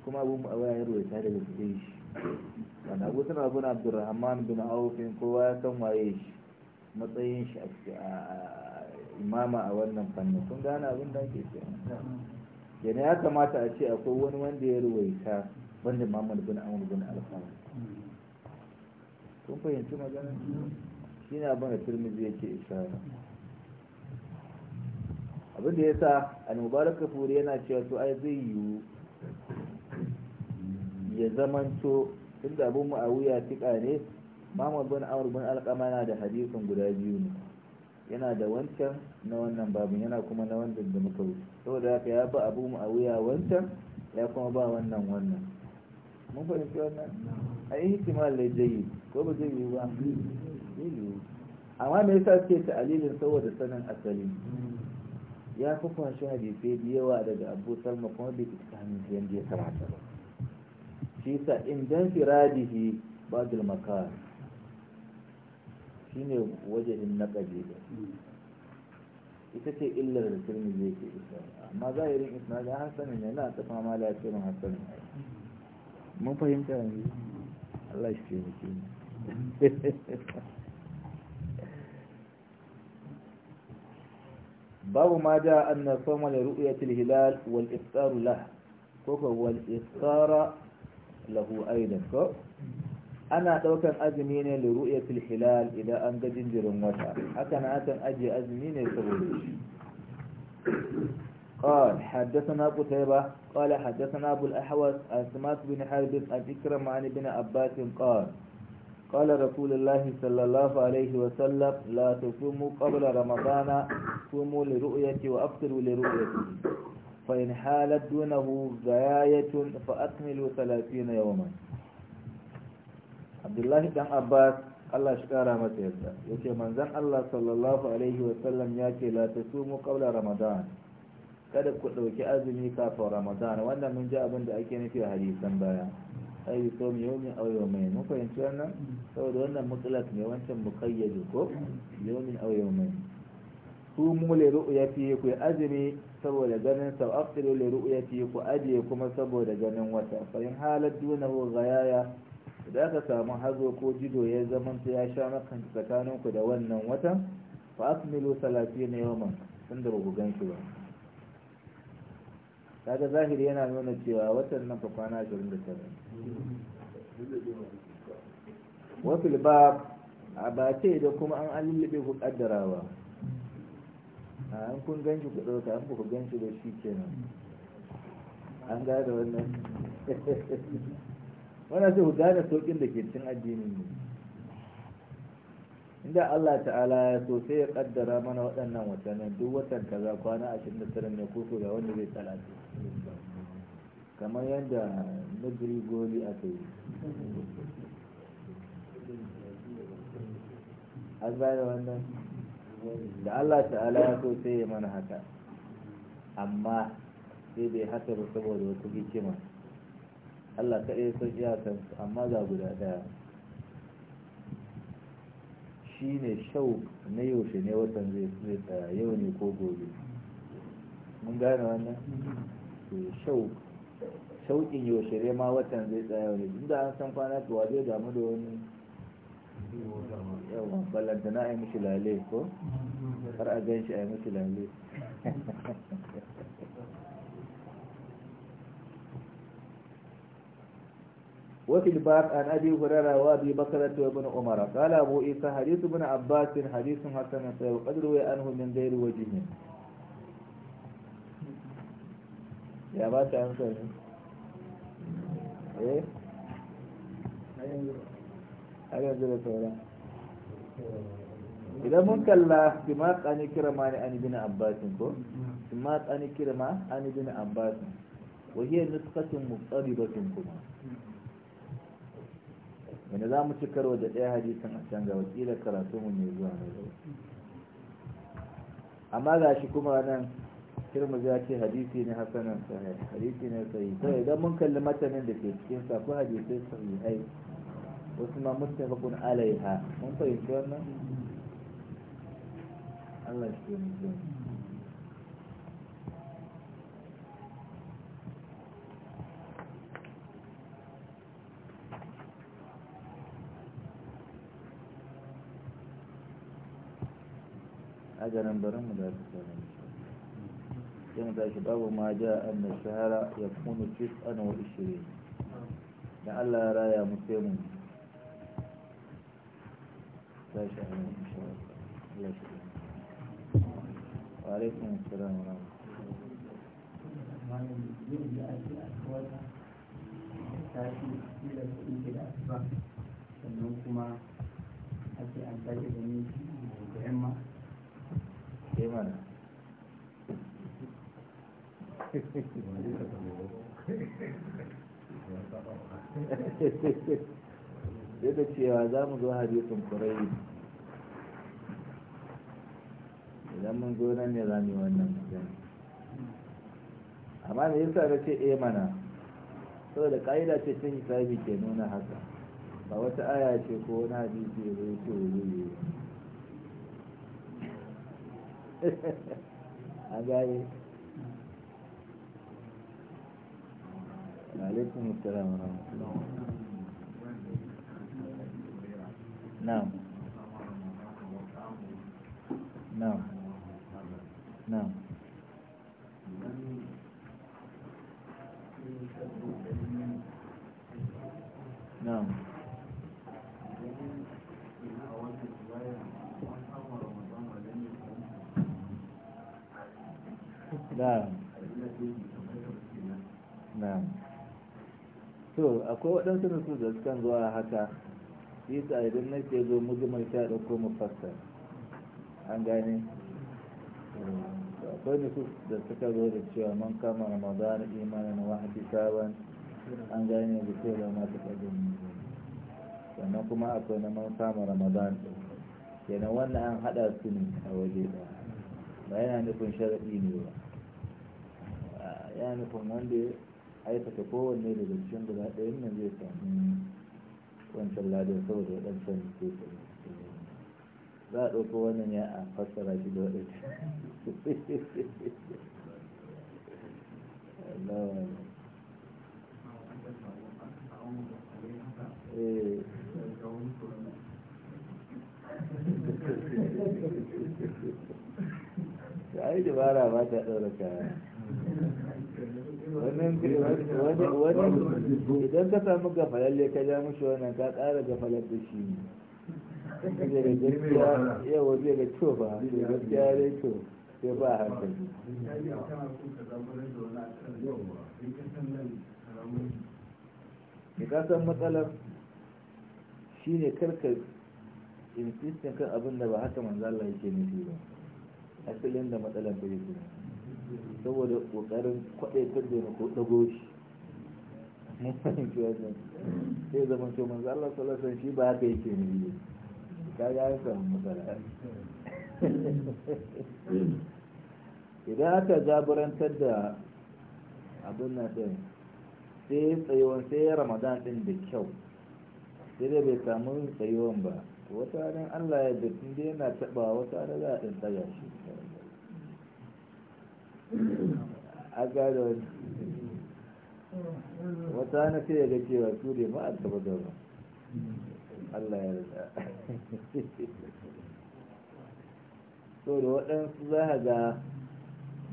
kuma abu mu awaya ya ta daga gare shi wanda abu salma bin abdurrahman bin aufin kowa ya san waye shi matsayin shi a imama a wannan fannin kun gane abin da ake cewa yana ya kamata a ce akwai wani wanda ya ruwaita wanda mamad bin amur bin alfawar kun fahimci magana shi na abin da turmizi ya ce isa abin da ya sa al-mubarak kafuri yana cewa to ai zai yiwu ya zamanto tunda abin ma'awuya fiƙa ne mamad bin amur bin alkama na da hadisin guda biyu ne yana da wancan na wannan babin yana kuma na wannan da muka wuce saboda haka ya ba abu wuya wancan ya kuma ba wannan wannan mun fahimci wannan a yi hikimar da jayi ko ba zai yiwu ba amma me yasa ce alilin saboda sanin asali ya fi kwashi hadisai da yawa daga abu salma kuma bai fita hannun yadda ya kamata ba shi sa in dan firadihi ba makar shine wajen na da ita ce illar da turmi zai ke isa amma da isnadin ne na ta fama lafiyar hasanin mun fahimta ne Allah shi ne ce mutum babu ma da anna sawma li ru'yatil hilal wal iftar lah ko ko wal iftara lahu aidan ko أنا أتوقع azumi لرؤية الحلال إذا أنت idan an أتنا jinjirin أجي haka na قال حدثنا قتيبة قال حدثنا أبو الأحوص أسمات سماك بن حارب عن إكرم عن ابن عباس قال قال رسول الله صلى الله عليه وسلم لا تصوموا قبل رمضان صوموا لرؤيتي وأفطروا لرؤية فإن حالت دونه غاية فأكملوا ثلاثين يوما abdullahi dan abbas allah shi kara masa yadda yace manzon allah sallallahu alaihi wasallam ya ce la sumu qabla ramadan kada ku ɗauki azumi kafin ramadan wannan mun ji abin da ake nufi a hadisan baya ai bi sau yau min au mai mun fahimci wannan saboda wannan mutsalat ne wancan mukayyadu ko yau min au mai su mu le ru'ya fi ku azumi saboda ganin sau aftiru le ru'ya fi ku ajiye kuma saboda ganin wata fa in halat dunahu ghayaya da ka samu hazo ko jido ya zamanta ya sha makan tsakaninku da wannan watan fa akmilu 30 yawman tunda ba ku gan ba kaga zahiri yana nuna cewa watan nan fa kwana 29 wasu bab a ba ce da kuma an alillibe ku kaddarawa a an kun gan ku ɗauka an ku gan da shi kenan an gada wannan [laughs] wannan sai ku gane saukin da ke cikin addinin mu inda Allah ta'ala ya so sai ya kaddara mana waɗannan watanni duk watan kaza kwana 29 ne ko da wanda zai talata kamar yadda na goli a yi an gane wannan da Allah ta'ala ya so sai ya mana haka amma sai bai haka saboda wata hikima Allah kaɗai ya san iyakansu amma ga guda ɗaya shi ne shau na yaushe ne watan zai tsaya yau ne ko gobe mun gane wannan shau shauƙin yaushe ne ma watan zai tsaya yau ne inda an san kwana tuwa waje damu da wani yawan ballanta na a yi mishi ko har a gan shi a yi [laughs] وفي الباب عن أبي هريرة وأبي بكرة وابن عمر قال أبو عيسى حديث ابن عباس حديث حسن وقد روي عنه من غير وجه يا باشا أنت إيه هل ينزل كده إذا mun kalla simat أني kirma ne an عباس abbas أني simat an kirma عباس وهي نسخة wa hiya wani za mu ci karo da ɗaya hadisin a can ga wakila karatu mu ne zuwa na zuwa amma za shi kuma nan kirmu za ce hadisi ne hasanan sahih hadisi ne sahi to idan mun kalli matanin da ke cikin sa ko sahi ai wasu ma kun alaiha mun fahimci wannan Allah shi ne hagarin barin mu da su sai mu shi babu ma ja an da shahara ya kunu tis'an wa ishirin da Allah ya raya mu sai mu tashi a nan insha Allah wa alaikum assalam wa rahmatullahi sannan kuma ake amfani da ne da yamma mana da cewa za mu zo hadisin kurai idan mun zo nan ne za mu yi wannan magana amma me yasa na ce A eh mana saboda ka'ida ce ta hisabi ke nuna haka ba wata aya ce ko wani hadisi ya zo ya ce a gane alaikun salam na'am na'am na'am na'am na'am na'am to akwai waɗansu nasu da sukan zuwa haka shi ta idan na ke zo mujimar sha ɗauko fasta an gane akwai nasu da suka zo da cewa man kama ramadan imanin wahadi sabon an gane da ke da masu ƙaddin sannan kuma akwai na man kama ramadan kenan wannan an haɗa su ne a waje ɗaya ba yana nufin sharaɗi ne ba ya nufin wanda ya aikata kowanne da cikin guda ɗaya nan zai samu wancan ladar saboda waɗancan ke za a ɗauko wannan ya a fassara shi da waɗancan eh. [laughs] ai dabara ba ta ɗaura kaya wani idan ka samu gafalalle ka ja mushi wannan ka ƙara gafalar da shi ne daga gaskiya ya waje da to ba da gaskiya dai to sai ba a hankali ne ka san matsalar shi ne karka insistin kan abin da ba haka manzala yake nufi ba asalin da matsalar bai kuma saboda kokarin kwadaitar da na dago shi mun fahimci wannan sai zama to manzo Allah sallallahu alaihi shi ba haka yake ne ka ga ya samu matsala idan aka jaburantar da abin na din sai tsayuwan sai ya ramadan din da kyau sai da bai samu tsayuwan ba wata ran Allah ya da tun yana taɓa wata ran za a ɗan tsaya shi a gane wani wata hana sai ya ga cewa su ne ba a gaba gaba Allah ya rasa so da waɗansu za a ga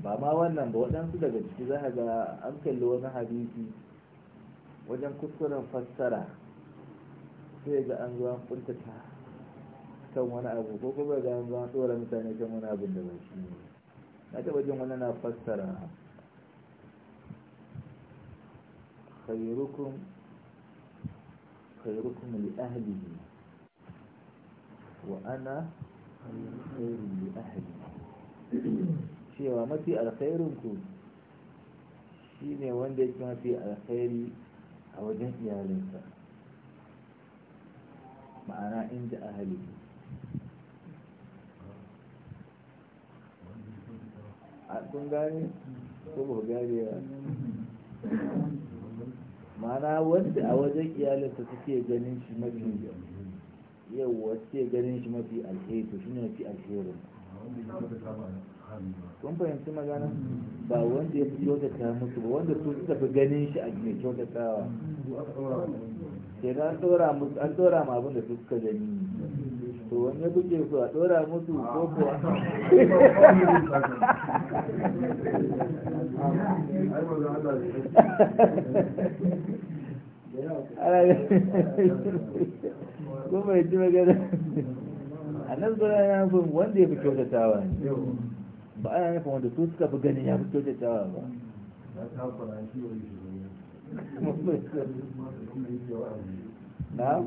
ba ma wannan ba waɗansu daga ciki za a ga an kalli wani hadisi wajen kuskuren fassara sai ga an zuwa kuntata kan wani abu ko kuma ga an zuwa tsoron mutane kan wani abin da ba shi ne na taɓa jin wani na fassara khairukum li ahlihi wa ana khairun li ahli cewa mafi alkhairinku shine wanda yake mafi alkhairi a wajen iyalinsa ma'ana inda ne. a kun gane ko ba gane ba mana wanda a wajen iyalinsa suke ganin shi mafi yawa suke ganin shi mafi alheri to ne mafi alheri kun fahimci magana ba wanda ya fi kyautata musu ba wanda su suka fi ganin shi a mai kyautatawa sai an tsora ma abin da su suka gani to wani kuke su a dora musu ko kuwa kuma mai ji magana a nan zuwa ya fi wanda ya fi kyautatawa ne ba ana nufin wanda su suka fi gani ya fi kyautatawa ba na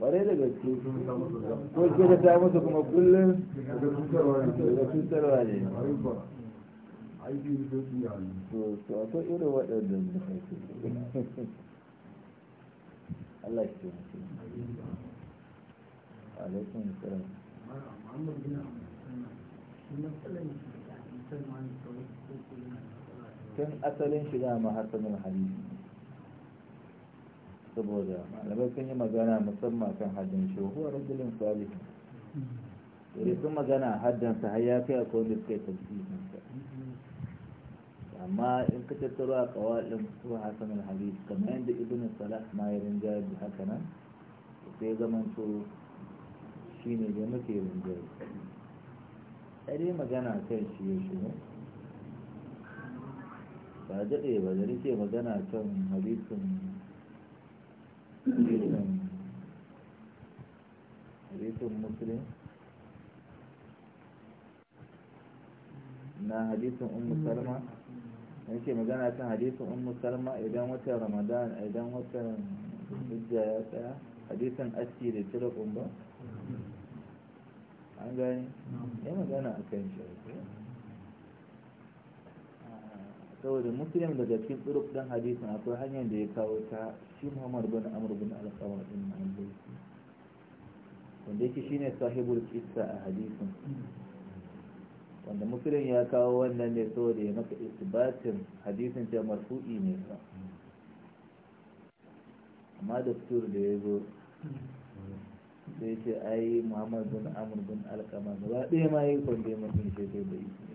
bare da gaske ko ke da ta musu kuma kullum da cutarwa ne to to akwai irin waɗanda da kake Allah shi ce alaikum salam tun asalin shiga ma harsanin hadisi saboda malamai sun yi magana musamman kan hajjin shi huwa rajulin salihin sai eh, sun magana sa har ya kai a wanda suka yi tafsirin amma in ka tattaro a kawalin su hasan al-hadith kamar yadda ibn salah ma ya rinja da haka nan sai zaman to ne da muke rinja ɗari magana kan shi ya shi ba daɗe ba da nake magana kan hadisin hadithun muslim na hadithun ummu salma ce magana kan hadithun ummu salma idan watan ramadan idan watan hijja ya tsaya hadithun aski da cire kumba an gani ya magana a kan shi saboda muslim daga cikin tsuruf dan hadisin akwai hanyar da ya kawo ta shi muhammad bin amr bin alƙawar ɗin din ma'ambai wanda yake ne sahibul qissa a hadisin wanda muslim ya kawo wannan ne saboda ya maka isbatin hadisin ta marfu'i ne sa amma da sur da ya zo sai ce ai muhammad bin amr bin al-qamar gaba ɗaya ma yayi kwande mutum shi sai da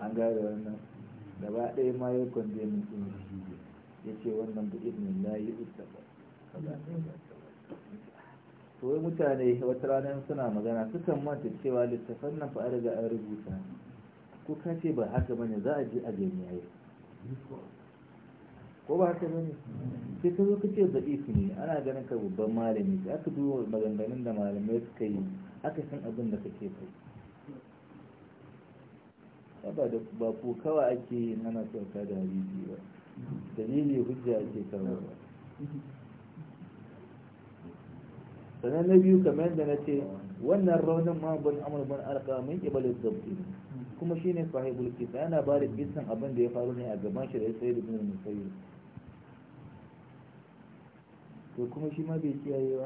an gane wannan gaba ɗaya ma ya kwande min sun shi ya ce wannan da ibnin layi ustafa to wai mutane wata rana suna magana sukan manta cewa littafan nan fa'ar da an rubuta ko ka ce ba haka bane za a je a gani yayi ko ba haka bane sai ka zo ka ce za'ifu ne ana ganin ka babban malami sai aka duba maganganun da malamai suka yi aka san abin da kake kai ba kawa ake yi ana sauka da hadisi ba dalili hujja ake kawo ba sannan na biyu kamar yadda na ce wannan raunin mahabbin amur bin arka min kibalin zabti kuma shi ne sahibul kisa yana ba da kisan abin da ya faru ne a gaban shi da ya tsaye da bin musayi to kuma shi ma bai kiyaye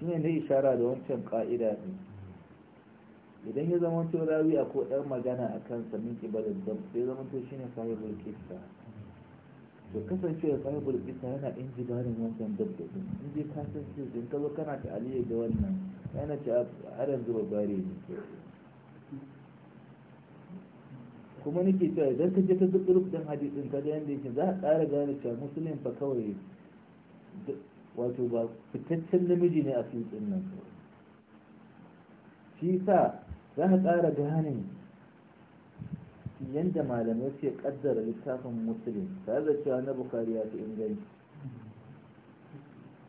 shi ne na ishara da wancan ka'ida ne idan ya zama to rawi a ko ɗan magana a kan samun ibadar da ya zama to shine sahibul kissa to kasancewa sahibul kissa yana in jibarin barin wancan dabbobin in je ka san shi in ka zo kana ta aliyar da wannan yana ce a yanzu ba bare ne kuma nake cewa idan ka je ta zuɓi ɗin hadisin ka ga yadda yake za a ƙara gane cewa musulun fa kawai wato ba fitaccen namiji ne a fitin nan shi sa za a ƙara gane yadda malamai ke ƙaddara littafin musulun tare da cewa na bukari ya fi inganci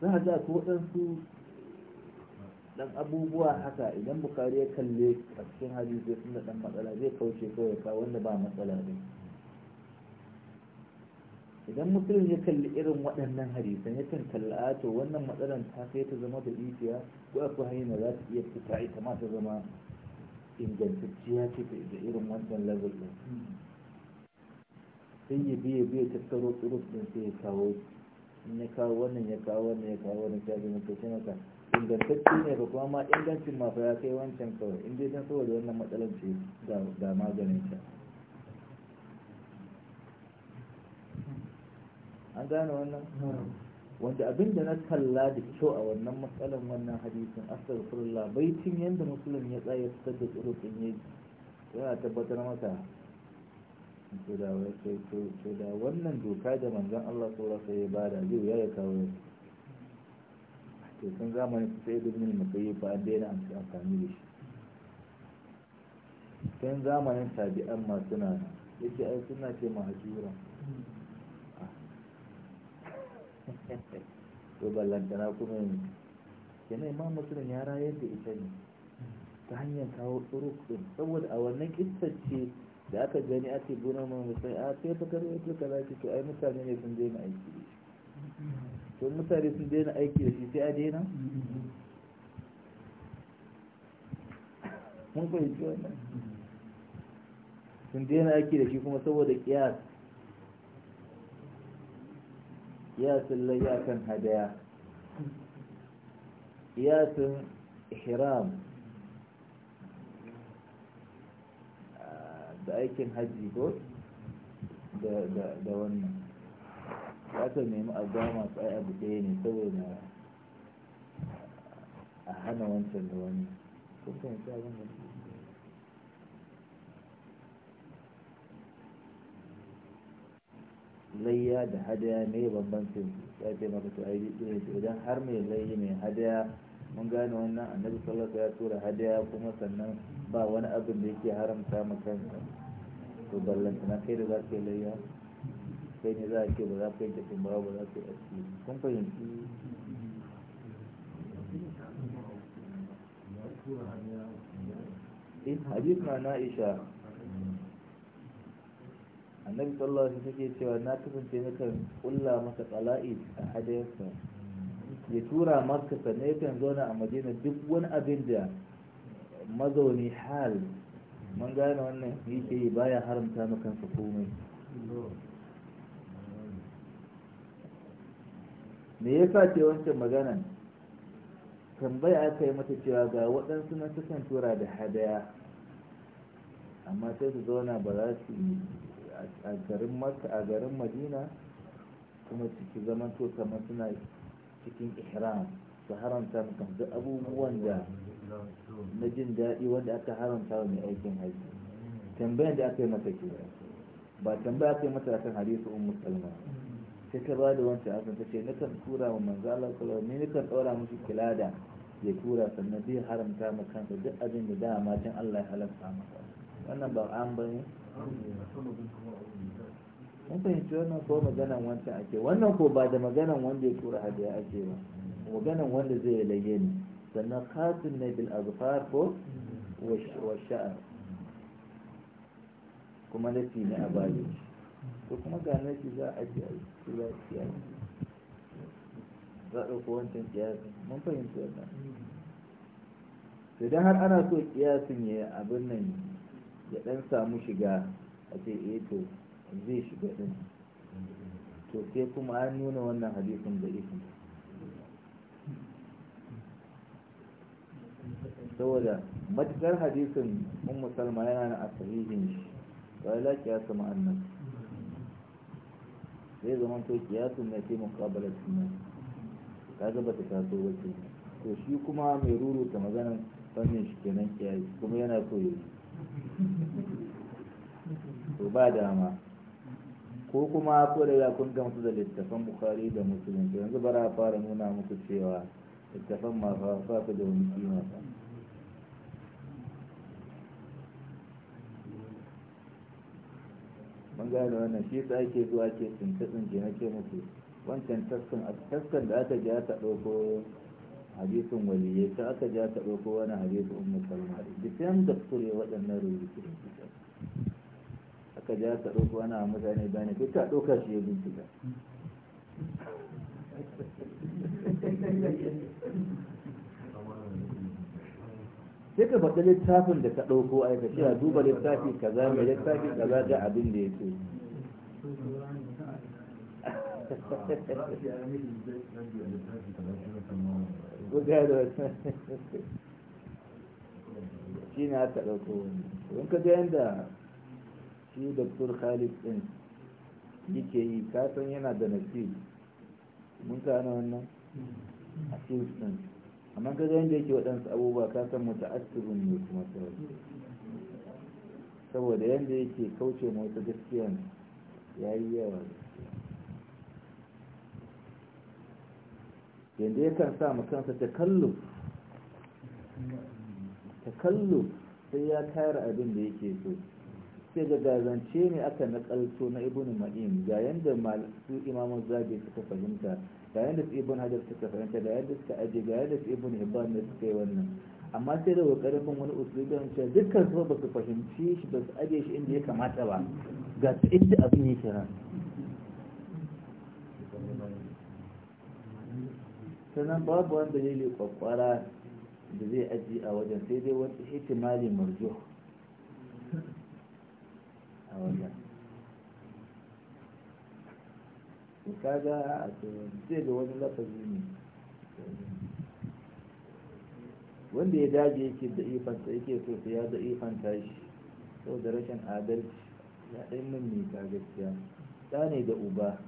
za a ga ko waɗansu ɗan abubuwa haka idan bukari ya kalle a cikin hadisi sun da ɗan matsala zai kauce kawai ka wanda ba matsala ne idan musulun ya kalli irin waɗannan hadisan ya kan kalli ah, to wannan matsalar ta kai ta zama da ifiya ko akwai hanyar za ta iya fita ita ma ta zama ingantacciya ce da irin wannan level din sai ya biya biya tattaro tsuruf din sai ya kawo in ya kawo wannan ya kawo wannan ya kawo wannan ta ya ta maka. ingantacce ne ba kuma ma ingancin ma ya kai wancan kawai in dai dan saboda wannan matsalar ce ga maganin ta an gane wannan wanda abin da na kalla da kyau a wannan matsalan wannan hadisin bai cin yadda musulun ya tsaya fitar da tsurukin ya yana tabbatar mata to da wannan doka da manzon Allah sallallahu ya bada zai ya kawo to sun zamanin sai ibn mukayyib ba an daina amfani da shi sun zamanin tabi'an masu na yake ai suna ce mahajura [laughs] to ballantana kuma yanzu yana imam musulun ya rayar da ita ne ta hanyar kawo turuk din saboda a wannan kistacce da aka gani a ce gona mai musulun a ah, sai ta karo ta kaza ce to ai mutane ne sun daina aiki da shi to mutane sun daina aiki da shi sai a daina mun fahimci wannan sun daina aiki da shi kuma saboda kiyas kiyasin layya kan hadaya kiyasin ihram da aikin hajji ko da wannan ya ta nemi addu'a masu ai abu ɗaya ne saboda a hana wancan da wani ta sabon da layya da hadaya me bambancin ya ce maka to ai dole ce idan har mai layya mai hadaya mun gane wannan annabi sallallahu alaihi wasallam ya tura hadaya kuma sannan ba wani abin da yake haramta ma kanka to ballanta na kai da za ka yi layya kai ne za a ce ba za ka yi tafin ba ba za ka yi aski kun fahimci in eh, hadith na na'isha annabi sallallahu alaihi wasallam yake cewa na kasance nakan kulla maka tsala'i a hadayarsa ya tura maka sannan kan zauna a madina duk wani abin da mazauni hal mun gane wannan yake yi baya haramta maka kansa komai me yasa ce wancan maganan tambaya aka yi mata cewa ga waɗansu na sukan tura da hadaya amma sai su zauna ba za su a garin makka a garin madina kuma ciki zaman to kamar suna cikin ihram su haramta maka duk abubuwan da na jin daɗi wanda aka haramta wa mai aikin haji tambayan da aka yi mata ke ba tambaya aka yi mata kan hadisu un musulma sai ta ba da wancan asan ta ce nakan tura wa manzo Allah sallallahu alaihi nakan ɗaura musu kilada ya tura sannan zai haramta maka duk abin da dama can Allah ya halarta maka wannan ba an bane mun fahimci wannan ko maganan wancan ake wannan ko ba da maganan wanda ya tura hadiya ake ba maganan wanda zai yi lage ne sannan katin na bil azfar ko wa sha'ar kuma nafi ne a bayan to kuma ga shi za a ji a tura kiyasi za a ɗauko wancan kiyasi mun fahimci wannan to idan har ana so kiyasin ya abin nan ya dan samu shiga a ce eh to zai shiga din to sai kuma an nuna wannan hadisin da ifin saboda matukar hadisin ummu musalma yana na asirin shi ba la ya ma annan zai zama to kiyasun ne sai muqabalat sunna kaga ba ta taso wace to shi kuma mai ruru ta maganan fannin shi kenan kiyasi kuma yana so to ba dama ko kuma ko da kun gamsu da littafan bukhari da musulun yanzu bara fara nuna muku cewa littafan ma su da wani kima mun gane wannan shi sa ake zuwa ke tsince tsince na ke muku wancan taskan da aka ji aka ɗauko hadisin waliyai ta aka ja ta ɗauko wani hadisin ummu salma da sayan da kure waɗannan rubutu aka ja ta ɗauko wani a mutane bane duk ta ɗauka shi ya bincika sai ka faɗi littafin da ka ɗauko a aika shi a duba littafi kaza mai littafi kaza da abin da ya ce Thank [laughs] you. buga da wata shi ne aka ɗauko wani ka ga yadda shi doktor khalid din yake yi kasan yana da nasi mun ka wannan a ɗin amma ka ga yadda yake waɗansu abubuwa kasan mutu asibin ne kuma sauri. saboda yadda yake kauce mota gaskiya ya yi yawa yadda kan sa kansa takalluf takalluf sai ya kayar abin da yake so sai ga gazance ne aka nakalto na ibn ma'in ga yanda su imamu zabi suka fahimta ga yanda su ibn hajar suka fahimta ga yanda suka aji ga yanda su ibn hibban ne suka yi wannan amma sai da kokarin bin wani da cewa dukkan su ba su fahimci shi ba su aje shi inda ya kamata ba ga inda abin yake nan sannan babu wani dalili kwakwara da zai aji a wajen sai dai wani hitimali marjo a wajen to kaga a zai da wani lafazi ne wanda ya dage yake da ifanta yake so sai ya da ifanta shi saboda rashin adalci ya ɗan nan ne ka gaskiya ɗa ne da uba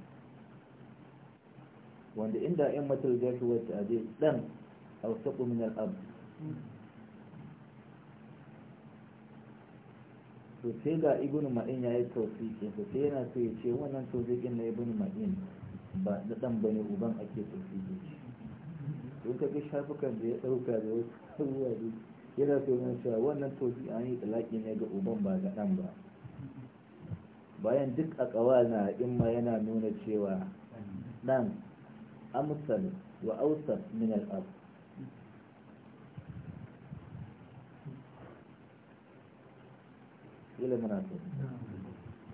wanda inda yan matar za su wata aje dan a wasu min abu to sai ga ibn ma'in ya yi ke to sai yana so ya ce wannan tausikin na ibn ma'in ba na dan bane uban ake tausiki to ka ga shafukan da ya dauka da wasu abubuwa yana so yana cewa wannan tausiki an yi talaki ne ga uban ba ga dan ba bayan duk a kawana in ma yana nuna cewa dan أمثل wa من الأرض إلى مناسبة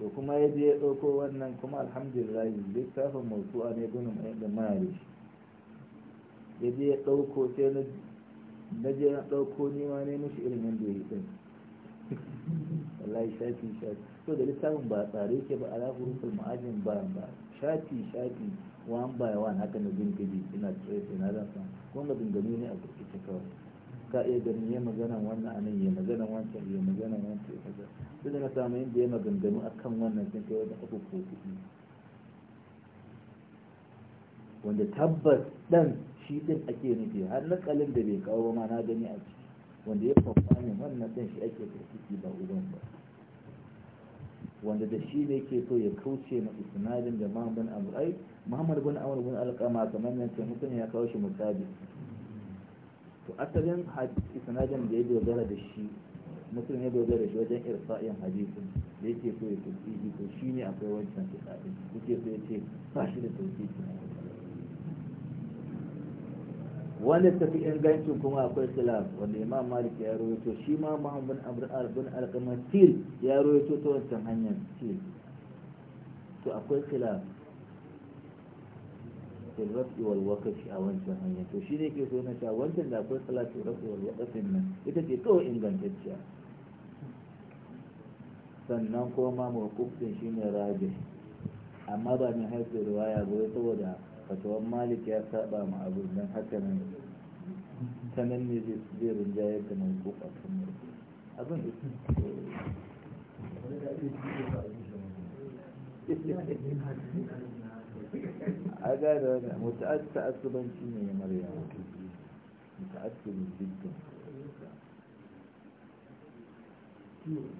to kuma ya je ya ɗauko wannan kuma alhamdulillah littafin mawsu'a ne gunin da mayari ya je ya ɗauko sai na je na ɗauko nima ne mishi irin yadda ya yi shafi shafi to da littafin ba tsare yake ba ala hurufin ma'ajin ba ba shafi shafi one by one haka na bin gaji ina tsaye na zan san kuma maganganu ne a gurgurta kawai ka iya ganin ya magana wannan anan ya magana wancan ya magana wancan ya kaza duk da na samu inda ya maganganu akan wannan sun kai wajen abubuwa kuɗi wanda tabbas ɗan shi ɗin ake nufi har na nakalin da bai kawo ma na gani a ciki wanda ya fafa ne wannan ɗan shi ake karfi ba uban ba wanda da shi ne ke so ya kauce ma isnadin da Muhammad bin Amr Muhammad bin Amr alƙama kamar nan ce mutum ya kawo shi mutabi to asalin isnadin da ya dogara da shi mutum ya dogara da shi wajen irfa'in hadisin da yake so ya tafi ko shi ne akwai wancan kitabin yake so ya ce ba shi da tauki wani tafi ingancin kuma akwai silaf wanda imam malik ya rawaito shi ma muhammad bin amr bin alqama til ya rawaito ta wancan hanyar til to akwai silaf fil rafi wal a wancan hanyar to shi ne ke so na cewa wancan da akwai silaf fil rafi wal waqfi nan ita ce kawai ingantacciya sannan kuma shi shine rabe, amma ba mai haifar waya ba saboda fatawan malik ya saba ma abu don haka nan ta nan ne zai rinjaye ta nan ko ƙasan murku abin a gada wani mutu'atta asubanci ne ya marya mutu'attubin jiddin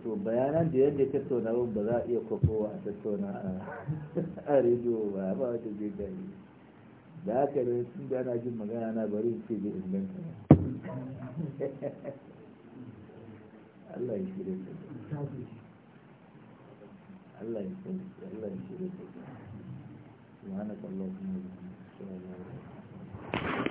to bayanan da yadda ta tattauna ba za a iya kwafowa a tattauna a rediyo ba ba wata zai gari da haka da sun da ana jin magana na bari ce da inganta Allah ya shirya ta Allah ya shirya ta Allah ya shirya ta subhanaka wa bihamdika